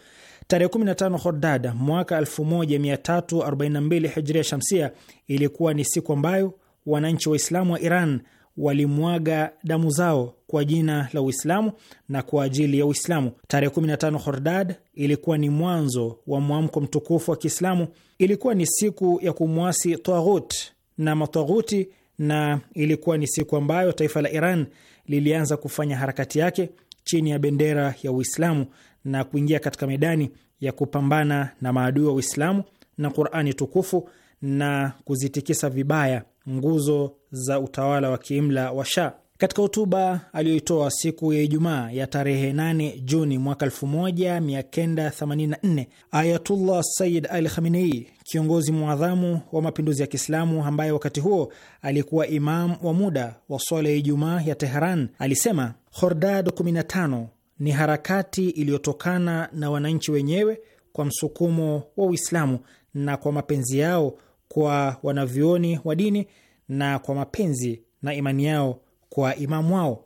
Tarehe 15 Hordad mwaka 1342 Hijria Shamsia ilikuwa ni siku ambayo wananchi Waislamu wa Iran walimwaga damu zao kwa jina la Uislamu na kwa ajili ya Uislamu. Tarehe 15 Hordad ilikuwa ni mwanzo wa mwamko mtukufu wa Kiislamu, ilikuwa ni siku ya kumwasi taghut na mataghuti, na ilikuwa ni siku ambayo taifa la Iran lilianza kufanya harakati yake chini ya bendera ya Uislamu na kuingia katika medani ya kupambana na maadui wa Uislamu na Qur'ani tukufu na kuzitikisa vibaya nguzo za utawala wa kiimla wa sha Katika hotuba aliyoitoa siku ya Ijumaa ya tarehe 8 Juni mwaka 1984, Ayatullah Sayyid al Khamenei, kiongozi mwadhamu wa mapinduzi ya Kiislamu ambaye wakati huo alikuwa imam wa muda wa swala ya Ijumaa ya Teheran, alisema Khordad 15 ni harakati iliyotokana na wananchi wenyewe kwa msukumo wa Uislamu na kwa mapenzi yao kwa wanavyuoni wa dini na kwa mapenzi na imani yao kwa imamu wao.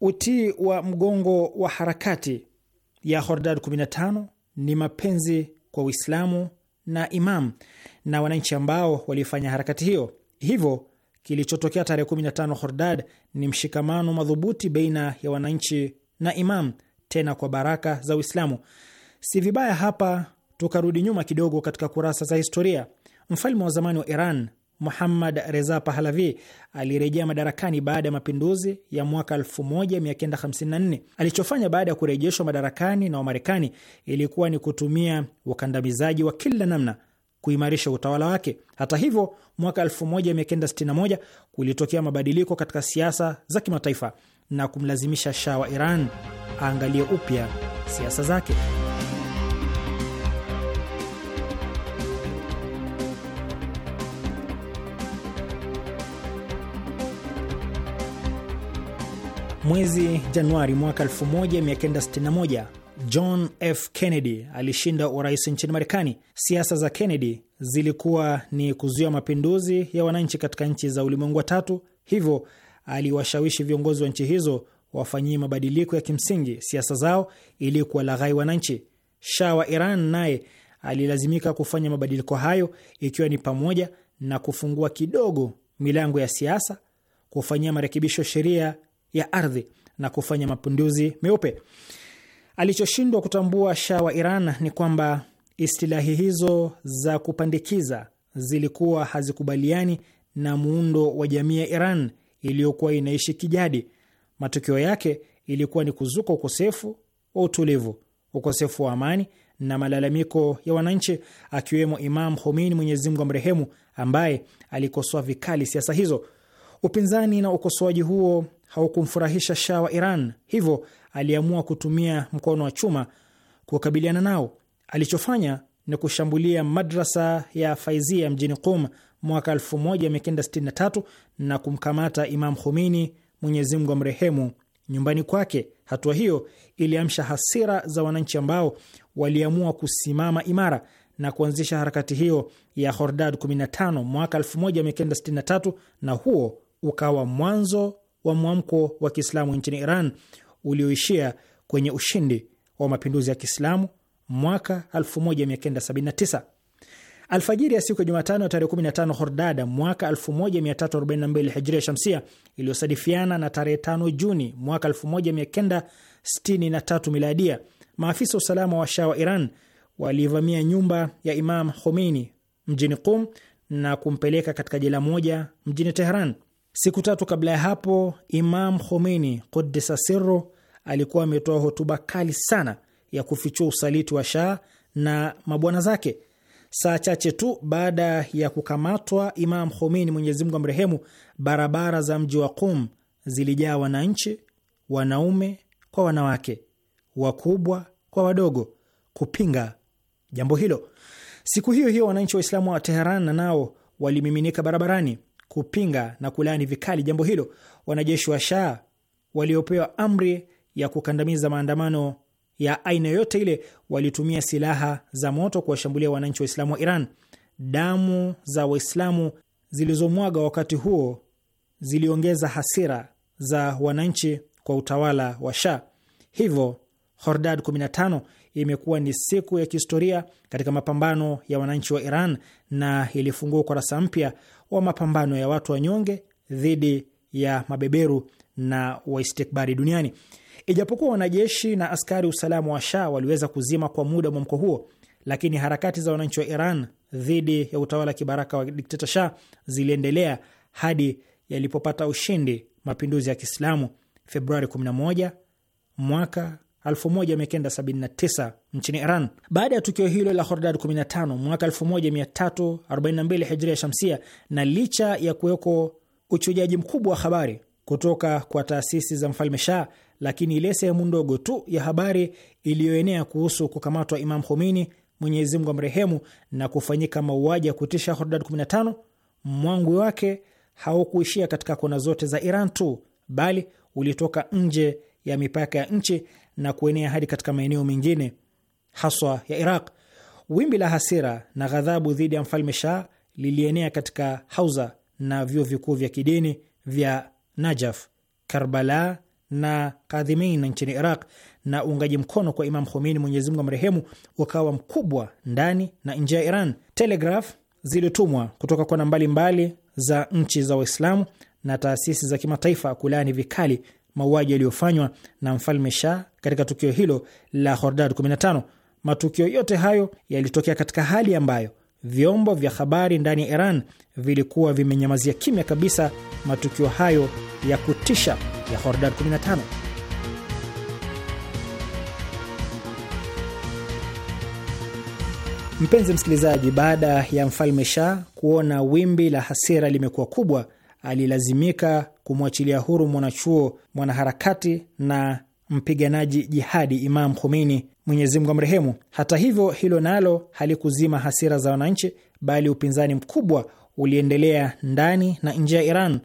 Utii wa mgongo wa harakati ya Hordad 15 ni mapenzi kwa Uislamu na imam na wananchi ambao walifanya harakati hiyo. Hivyo kilichotokea tarehe 15 Hordad ni mshikamano madhubuti baina ya wananchi na imam, tena kwa baraka za Uislamu. Si vibaya hapa tukarudi nyuma kidogo katika kurasa za historia. Mfalme wa zamani wa Iran Muhammad Reza Pahlavi alirejea madarakani baada ya mapinduzi ya mwaka 1954. Alichofanya baada ya kurejeshwa madarakani na Wamarekani ilikuwa ni kutumia wakandamizaji wa kila namna kuimarisha utawala wake. Hata hivyo, mwaka 1961 kulitokea mabadiliko katika siasa za kimataifa na kumlazimisha Shah wa Iran aangalie upya siasa zake. Mwezi Januari mwaka 1961 John F. Kennedy alishinda urais nchini Marekani. Siasa za Kennedy zilikuwa ni kuzuia mapinduzi ya wananchi katika nchi za ulimwengu wa tatu, hivyo aliwashawishi viongozi wa nchi hizo wafanyie mabadiliko ya kimsingi siasa zao ili kuwalaghai wananchi. Shah wa Iran naye alilazimika kufanya mabadiliko hayo, ikiwa ni pamoja na kufungua kidogo milango ya siasa, kufanyia marekebisho sheria ya ardhi na kufanya mapinduzi meupe. Alichoshindwa kutambua sha wa Iran ni kwamba istilahi hizo za kupandikiza zilikuwa hazikubaliani na muundo wa jamii ya Iran iliyokuwa inaishi kijadi. Matokeo yake ilikuwa ni kuzuka ukosefu wa utulivu, ukosefu wa amani na malalamiko ya wananchi, akiwemo Imam Khomeini, Mwenyezi Mungu amrehemu, ambaye alikosoa vikali siasa hizo. Upinzani na ukosoaji huo haukumfurahisha Shah wa Iran, hivyo aliamua kutumia mkono wa chuma kukabiliana nao. Alichofanya ni kushambulia madrasa ya Faizia mjini Qum mwaka 1963 na kumkamata Imam Khomeini, Mwenyezi Mungu amrehemu, nyumbani kwake. Hatua hiyo iliamsha hasira za wananchi ambao waliamua kusimama imara na kuanzisha harakati hiyo ya Hordad 15 mwaka 1963, na huo ukawa mwanzo wa mwamko wa Kiislamu nchini Iran ulioishia kwenye ushindi wa mapinduzi ya Kiislamu mwaka 1979. Alfajiri ya siku ya Jumatano tarehe 15 Hordada mwaka 1342 Hijria Shamsia, iliyosadifiana na tarehe 5 Juni mwaka 1963 Miladia, maafisa wa usalama wa Shah wa Iran walivamia nyumba ya Imam Khomeini mjini Qum na kumpeleka katika jela moja mjini Teheran. Siku tatu kabla ya hapo, Imam Khomeini kudisa Sirru alikuwa ametoa hotuba kali sana ya kufichua usaliti wa Shah na mabwana zake. Saa chache tu baada ya kukamatwa Imam Khomeini, Mwenyezi Mungu amrehemu, barabara za mji wa Qum zilijaa wananchi, wanaume kwa wanawake, wakubwa kwa wadogo, kupinga jambo hilo. Siku hiyo hiyo wananchi Waislamu wa Teheran na nao walimiminika barabarani kupinga na kulaani vikali jambo hilo. Wanajeshi wa Shah waliopewa amri ya kukandamiza maandamano ya aina yoyote ile walitumia silaha za moto kuwashambulia wananchi Waislamu wa Iran. Damu za Waislamu zilizomwaga wakati huo ziliongeza hasira za wananchi kwa utawala wa Shah. Hivyo Hordad 15 imekuwa ni siku ya kihistoria katika mapambano ya wananchi wa Iran na ilifungua ukurasa mpya wa mapambano ya watu wanyonge dhidi ya mabeberu na waistikbari duniani. Ijapokuwa wanajeshi na askari usalama wa Shah waliweza kuzima kwa muda mwamko huo, lakini harakati za wananchi wa Iran dhidi ya utawala kibaraka wa dikteta sha ziliendelea hadi yalipopata ushindi mapinduzi ya Kiislamu Februari 11 mwaka 1979 nchini Iran. Baada ya tukio hilo la Hordad 15 mwaka 1342 hijria shamsia, na licha ya kuweko uchujaji mkubwa wa habari kutoka kwa taasisi za mfalme Shah, lakini ile sehemu ndogo tu ya habari iliyoenea kuhusu kukamatwa Imam Khomeini, Mwenyezi Mungu amrehemu, na kufanyika mauaji ya kutisha Hordad 15, mwangwi wake haukuishia katika kona zote za Iran tu, bali ulitoka nje ya mipaka ya nchi na kuenea hadi katika maeneo mengine haswa ya Iraq. Wimbi la hasira na ghadhabu dhidi ya mfalme Shah lilienea katika hauza na vyuo vikuu vya kidini vya Najaf, Karbala na Kadhimin nchini Iraq, na uungaji mkono kwa Imam Khomeini, Mwenyezi Mungu amrehemu, ukawa mkubwa ndani na nje ya Iran. Telegraf zilitumwa kutoka kona mbalimbali za nchi za Waislamu na taasisi za kimataifa kulaani vikali mauaji yaliyofanywa na mfalme Shah katika tukio hilo la Hordad 15. Matukio yote hayo yalitokea katika hali ambayo vyombo vya habari ndani ya Iran vilikuwa vimenyamazia kimya kabisa matukio hayo ya kutisha ya Hordad 15. Mpenzi msikilizaji, baada ya mfalme Shah kuona wimbi la hasira limekuwa kubwa alilazimika kumwachilia huru mwanachuo, mwanaharakati na mpiganaji jihadi Imam Khomeini, Mwenyezi Mungu amrehemu. Hata hivyo, hilo nalo halikuzima hasira za wananchi, bali upinzani mkubwa uliendelea ndani na nje ya Iran.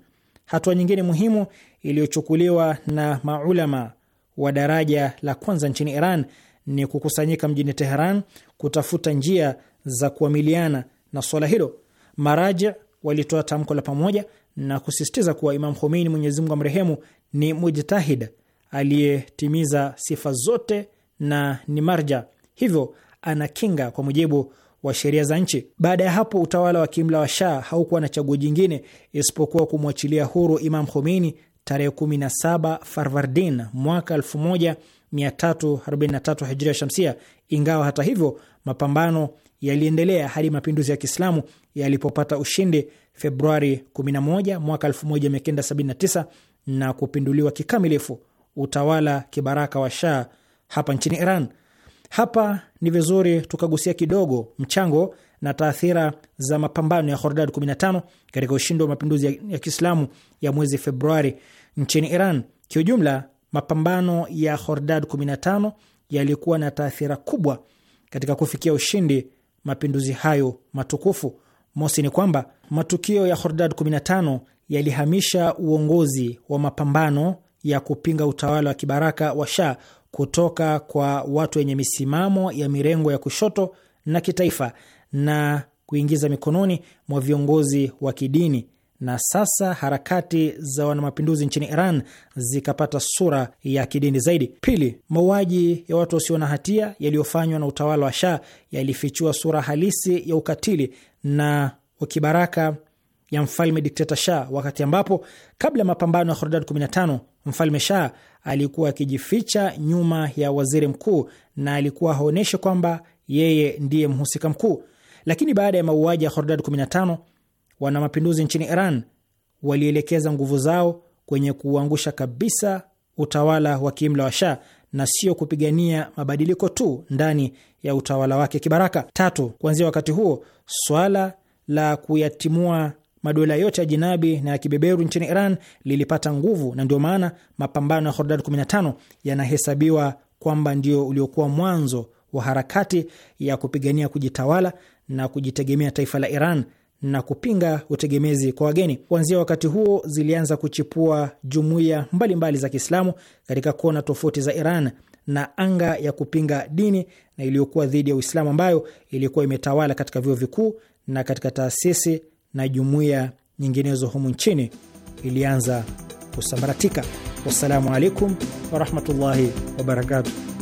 Hatua nyingine muhimu iliyochukuliwa na maulama wa daraja la kwanza nchini Iran ni kukusanyika mjini Teheran kutafuta njia za kuamiliana na swala hilo. Maraji walitoa tamko la pamoja na kusisitiza kuwa Imam Khomeini, Mwenyezi Mungu amrehemu, ni mujtahid aliyetimiza sifa zote na ni marja, hivyo ana kinga kwa mujibu wa sheria za nchi. Baada ya hapo, utawala wa kimla wa Shah haukuwa na chaguo jingine isipokuwa kumwachilia huru Imam Khomeini tarehe 17 Farvardin mwaka 1343 Hijria Shamsia, ingawa hata hivyo mapambano yaliendelea hadi mapinduzi ya Kiislamu yalipopata ushindi Februari 11 mwaka 1979 na kupinduliwa kikamilifu utawala kibaraka wa Shah hapa nchini Iran. Hapa ni vizuri tukagusia kidogo mchango na taathira za mapambano ya Khordad 15 katika ushindi wa mapinduzi ya Kiislamu ya mwezi Februari nchini Iran. Kiujumla, mapambano ya Khordad 15 yalikuwa na taathira kubwa katika kufikia ushindi mapinduzi hayo matukufu. Mosi ni kwamba matukio ya Hordad 15 yalihamisha uongozi wa mapambano ya kupinga utawala wa kibaraka wa Shah kutoka kwa watu wenye misimamo ya mirengo ya kushoto na kitaifa na kuingiza mikononi mwa viongozi wa kidini na sasa harakati za wanamapinduzi nchini Iran zikapata sura ya kidini zaidi. Pili, mauaji ya watu wasio na hatia yaliyofanywa na utawala wa Shah yalifichua sura halisi ya ukatili na wakibaraka ya mfalme dikteta Shah, wakati ambapo kabla ya mapambano ya Khordad 15 mfalme Shah alikuwa akijificha nyuma ya waziri mkuu na alikuwa haonyeshi kwamba yeye ndiye mhusika mkuu. Lakini baada ya mauaji ya Khordad 15 wana mapinduzi nchini Iran walielekeza nguvu zao kwenye kuuangusha kabisa utawala wa kiimla wa Shah na sio kupigania mabadiliko tu ndani ya utawala wake kibaraka. Tatu, kuanzia wakati huo swala la kuyatimua madola yote ya jinabi na ya kibeberu nchini Iran lilipata nguvu, na ndio maana mapambano ya Hordad 15 yanahesabiwa kwamba ndio uliokuwa mwanzo wa harakati ya kupigania kujitawala na kujitegemea taifa la Iran na kupinga utegemezi kwa wageni. Kuanzia wakati huo zilianza kuchipua jumuiya mbalimbali za Kiislamu katika kona tofauti za Iran na anga ya kupinga dini na iliyokuwa dhidi ya Uislamu ambayo ilikuwa imetawala katika vyuo vikuu na katika taasisi na jumuiya nyinginezo humu nchini ilianza kusambaratika. Wassalamu alaikum warahmatullahi wabarakatuh.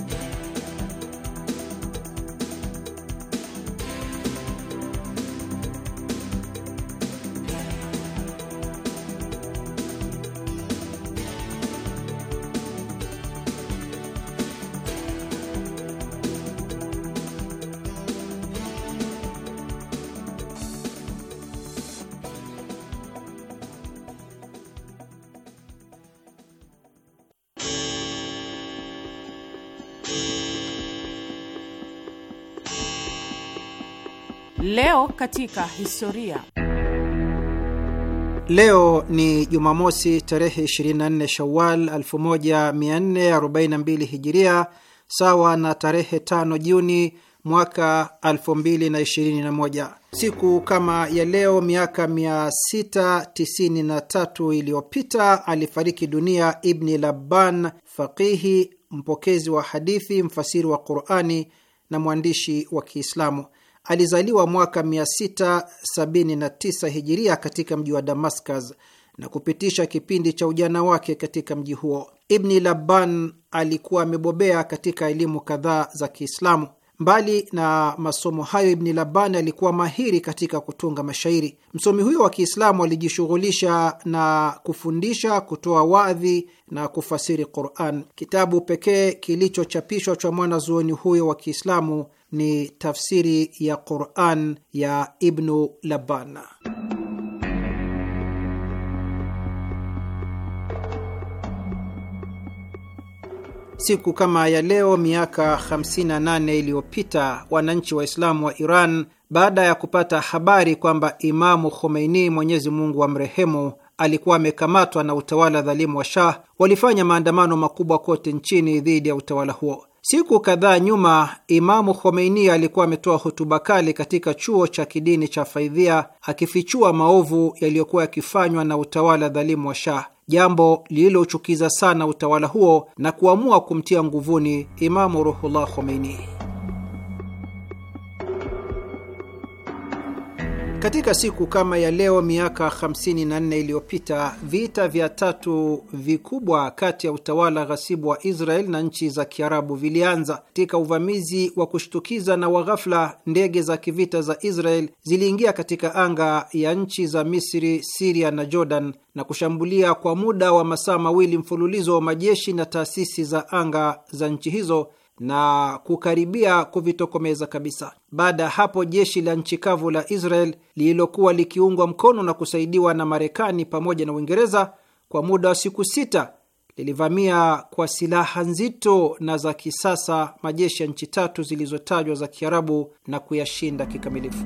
katika historia. Leo ni Jumamosi tarehe 24 Shawal 1442 Hijiria, sawa na tarehe 5 Juni mwaka 2021. Siku kama ya leo miaka 693 iliyopita alifariki dunia Ibni Labban, faqihi, mpokezi wa hadithi, mfasiri wa Qurani na mwandishi wa Kiislamu. Alizaliwa mwaka 679 hijiria katika mji wa Damascus na kupitisha kipindi cha ujana wake katika mji huo. Ibni Laban alikuwa amebobea katika elimu kadhaa za Kiislamu. Mbali na masomo hayo, Ibni Laban alikuwa mahiri katika kutunga mashairi. Msomi huyo wa Kiislamu alijishughulisha na kufundisha, kutoa wadhi na kufasiri Quran. Kitabu pekee kilichochapishwa cha mwanazuoni huyo wa Kiislamu ni tafsiri ya Quran ya Ibnu Laban. Siku kama ya leo miaka 58 iliyopita wananchi Waislamu wa Iran, baada ya kupata habari kwamba Imamu Khomeini, Mwenyezi Mungu wa mrehemu alikuwa amekamatwa na utawala dhalimu wa Shah, walifanya maandamano makubwa kote nchini dhidi ya utawala huo. Siku kadhaa nyuma, Imamu Khomeini alikuwa ametoa hotuba kali katika chuo cha kidini cha Faidhia akifichua maovu yaliyokuwa yakifanywa na utawala dhalimu wa Shah, jambo lililochukiza sana utawala huo na kuamua kumtia nguvuni Imamu Ruhullah Khomeini. Katika siku kama ya leo miaka 54 iliyopita vita vya tatu vikubwa kati ya utawala ghasibu wa Israel na nchi za Kiarabu vilianza. Katika uvamizi wa kushtukiza na wa ghafla, ndege za kivita za Israel ziliingia katika anga ya nchi za Misri, Siria na Jordan na kushambulia kwa muda wa masaa mawili mfululizo wa majeshi na taasisi za anga za nchi hizo na kukaribia kuvitokomeza kabisa. Baada ya hapo, jeshi la nchi kavu la Israel lililokuwa likiungwa mkono na kusaidiwa na Marekani pamoja na Uingereza kwa muda wa siku sita lilivamia kwa silaha nzito na za kisasa majeshi ya nchi tatu zilizotajwa za Kiarabu na kuyashinda kikamilifu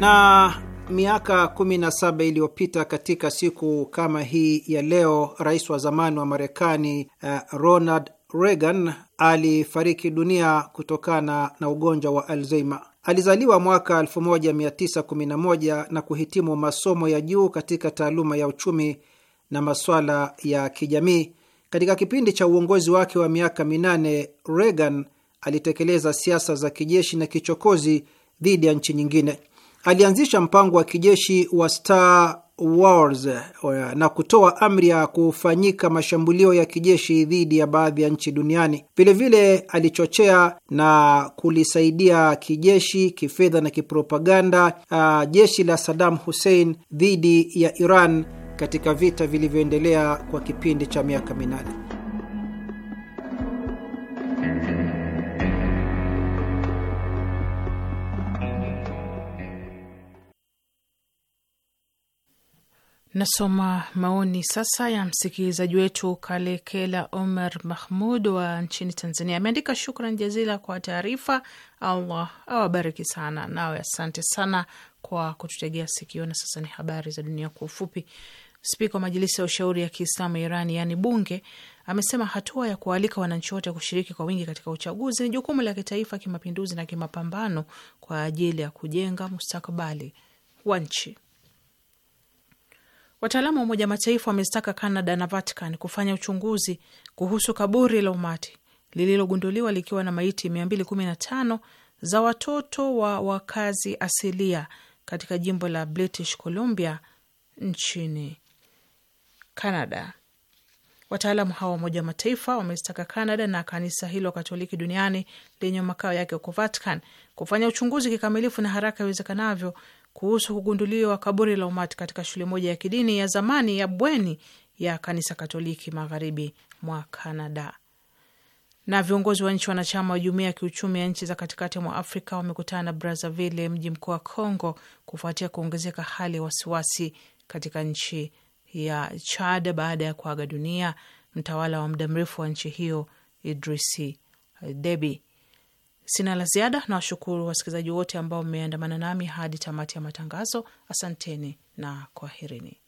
na miaka 17 iliyopita katika siku kama hii ya leo, rais wa zamani wa Marekani uh, Ronald Reagan alifariki dunia kutokana na ugonjwa wa Alzheimer. Alizaliwa mwaka 1911 na kuhitimu masomo ya juu katika taaluma ya uchumi na masuala ya kijamii. Katika kipindi cha uongozi wake wa miaka minane, Reagan alitekeleza siasa za kijeshi na kichokozi dhidi ya nchi nyingine alianzisha mpango wa kijeshi wa Star Wars eh, na kutoa amri ya kufanyika mashambulio ya kijeshi dhidi ya baadhi ya nchi duniani. Vilevile alichochea na kulisaidia kijeshi, kifedha na kipropaganda uh, jeshi la Saddam Hussein dhidi ya Iran katika vita vilivyoendelea kwa kipindi cha miaka minane. Nasoma maoni sasa ya msikilizaji wetu Kalekela Omar Mahmud wa nchini Tanzania. Ameandika, shukran jazila kwa taarifa. Allah awabariki sana. Nawe asante sana kwa kututegea sikio. Na sasa ni habari za dunia kwa ufupi. Spika wa Majilisi ya Ushauri ya Kiislamu Iran yaani bunge amesema hatua ya kualika wananchi wote kushiriki kwa wingi katika uchaguzi ni jukumu la kitaifa, kimapinduzi na kimapambano kwa ajili ya kujenga mustakabali wa nchi. Wataalamu wa Umoja Mataifa wamezitaka Canada na Vatican kufanya uchunguzi kuhusu kaburi la umati lililogunduliwa likiwa na maiti 215 za watoto wa wakazi asilia katika jimbo la British Columbia nchini Canada. Wataalamu hawa wa Umoja Mataifa wamezitaka Canada na kanisa hilo Katoliki duniani lenye makao yake huko Vatican kufanya uchunguzi kikamilifu na haraka iwezekanavyo kuhusu kugunduliwa kaburi la umati katika shule moja ya kidini ya zamani ya bweni ya kanisa Katoliki magharibi mwa Kanada. Na viongozi wa nchi wanachama wa jumuia ya kiuchumi ya nchi za katikati mwa Afrika wamekutana na Brazzaville, mji mkuu wa Congo, kufuatia kuongezeka hali ya wasiwasi katika nchi ya Chad baada ya kuaga dunia mtawala wa muda mrefu wa nchi hiyo Idrisi Debi. Sina la ziada na washukuru wasikilizaji wote ambao mmeandamana nami hadi tamati ya matangazo. Asanteni na kwaherini.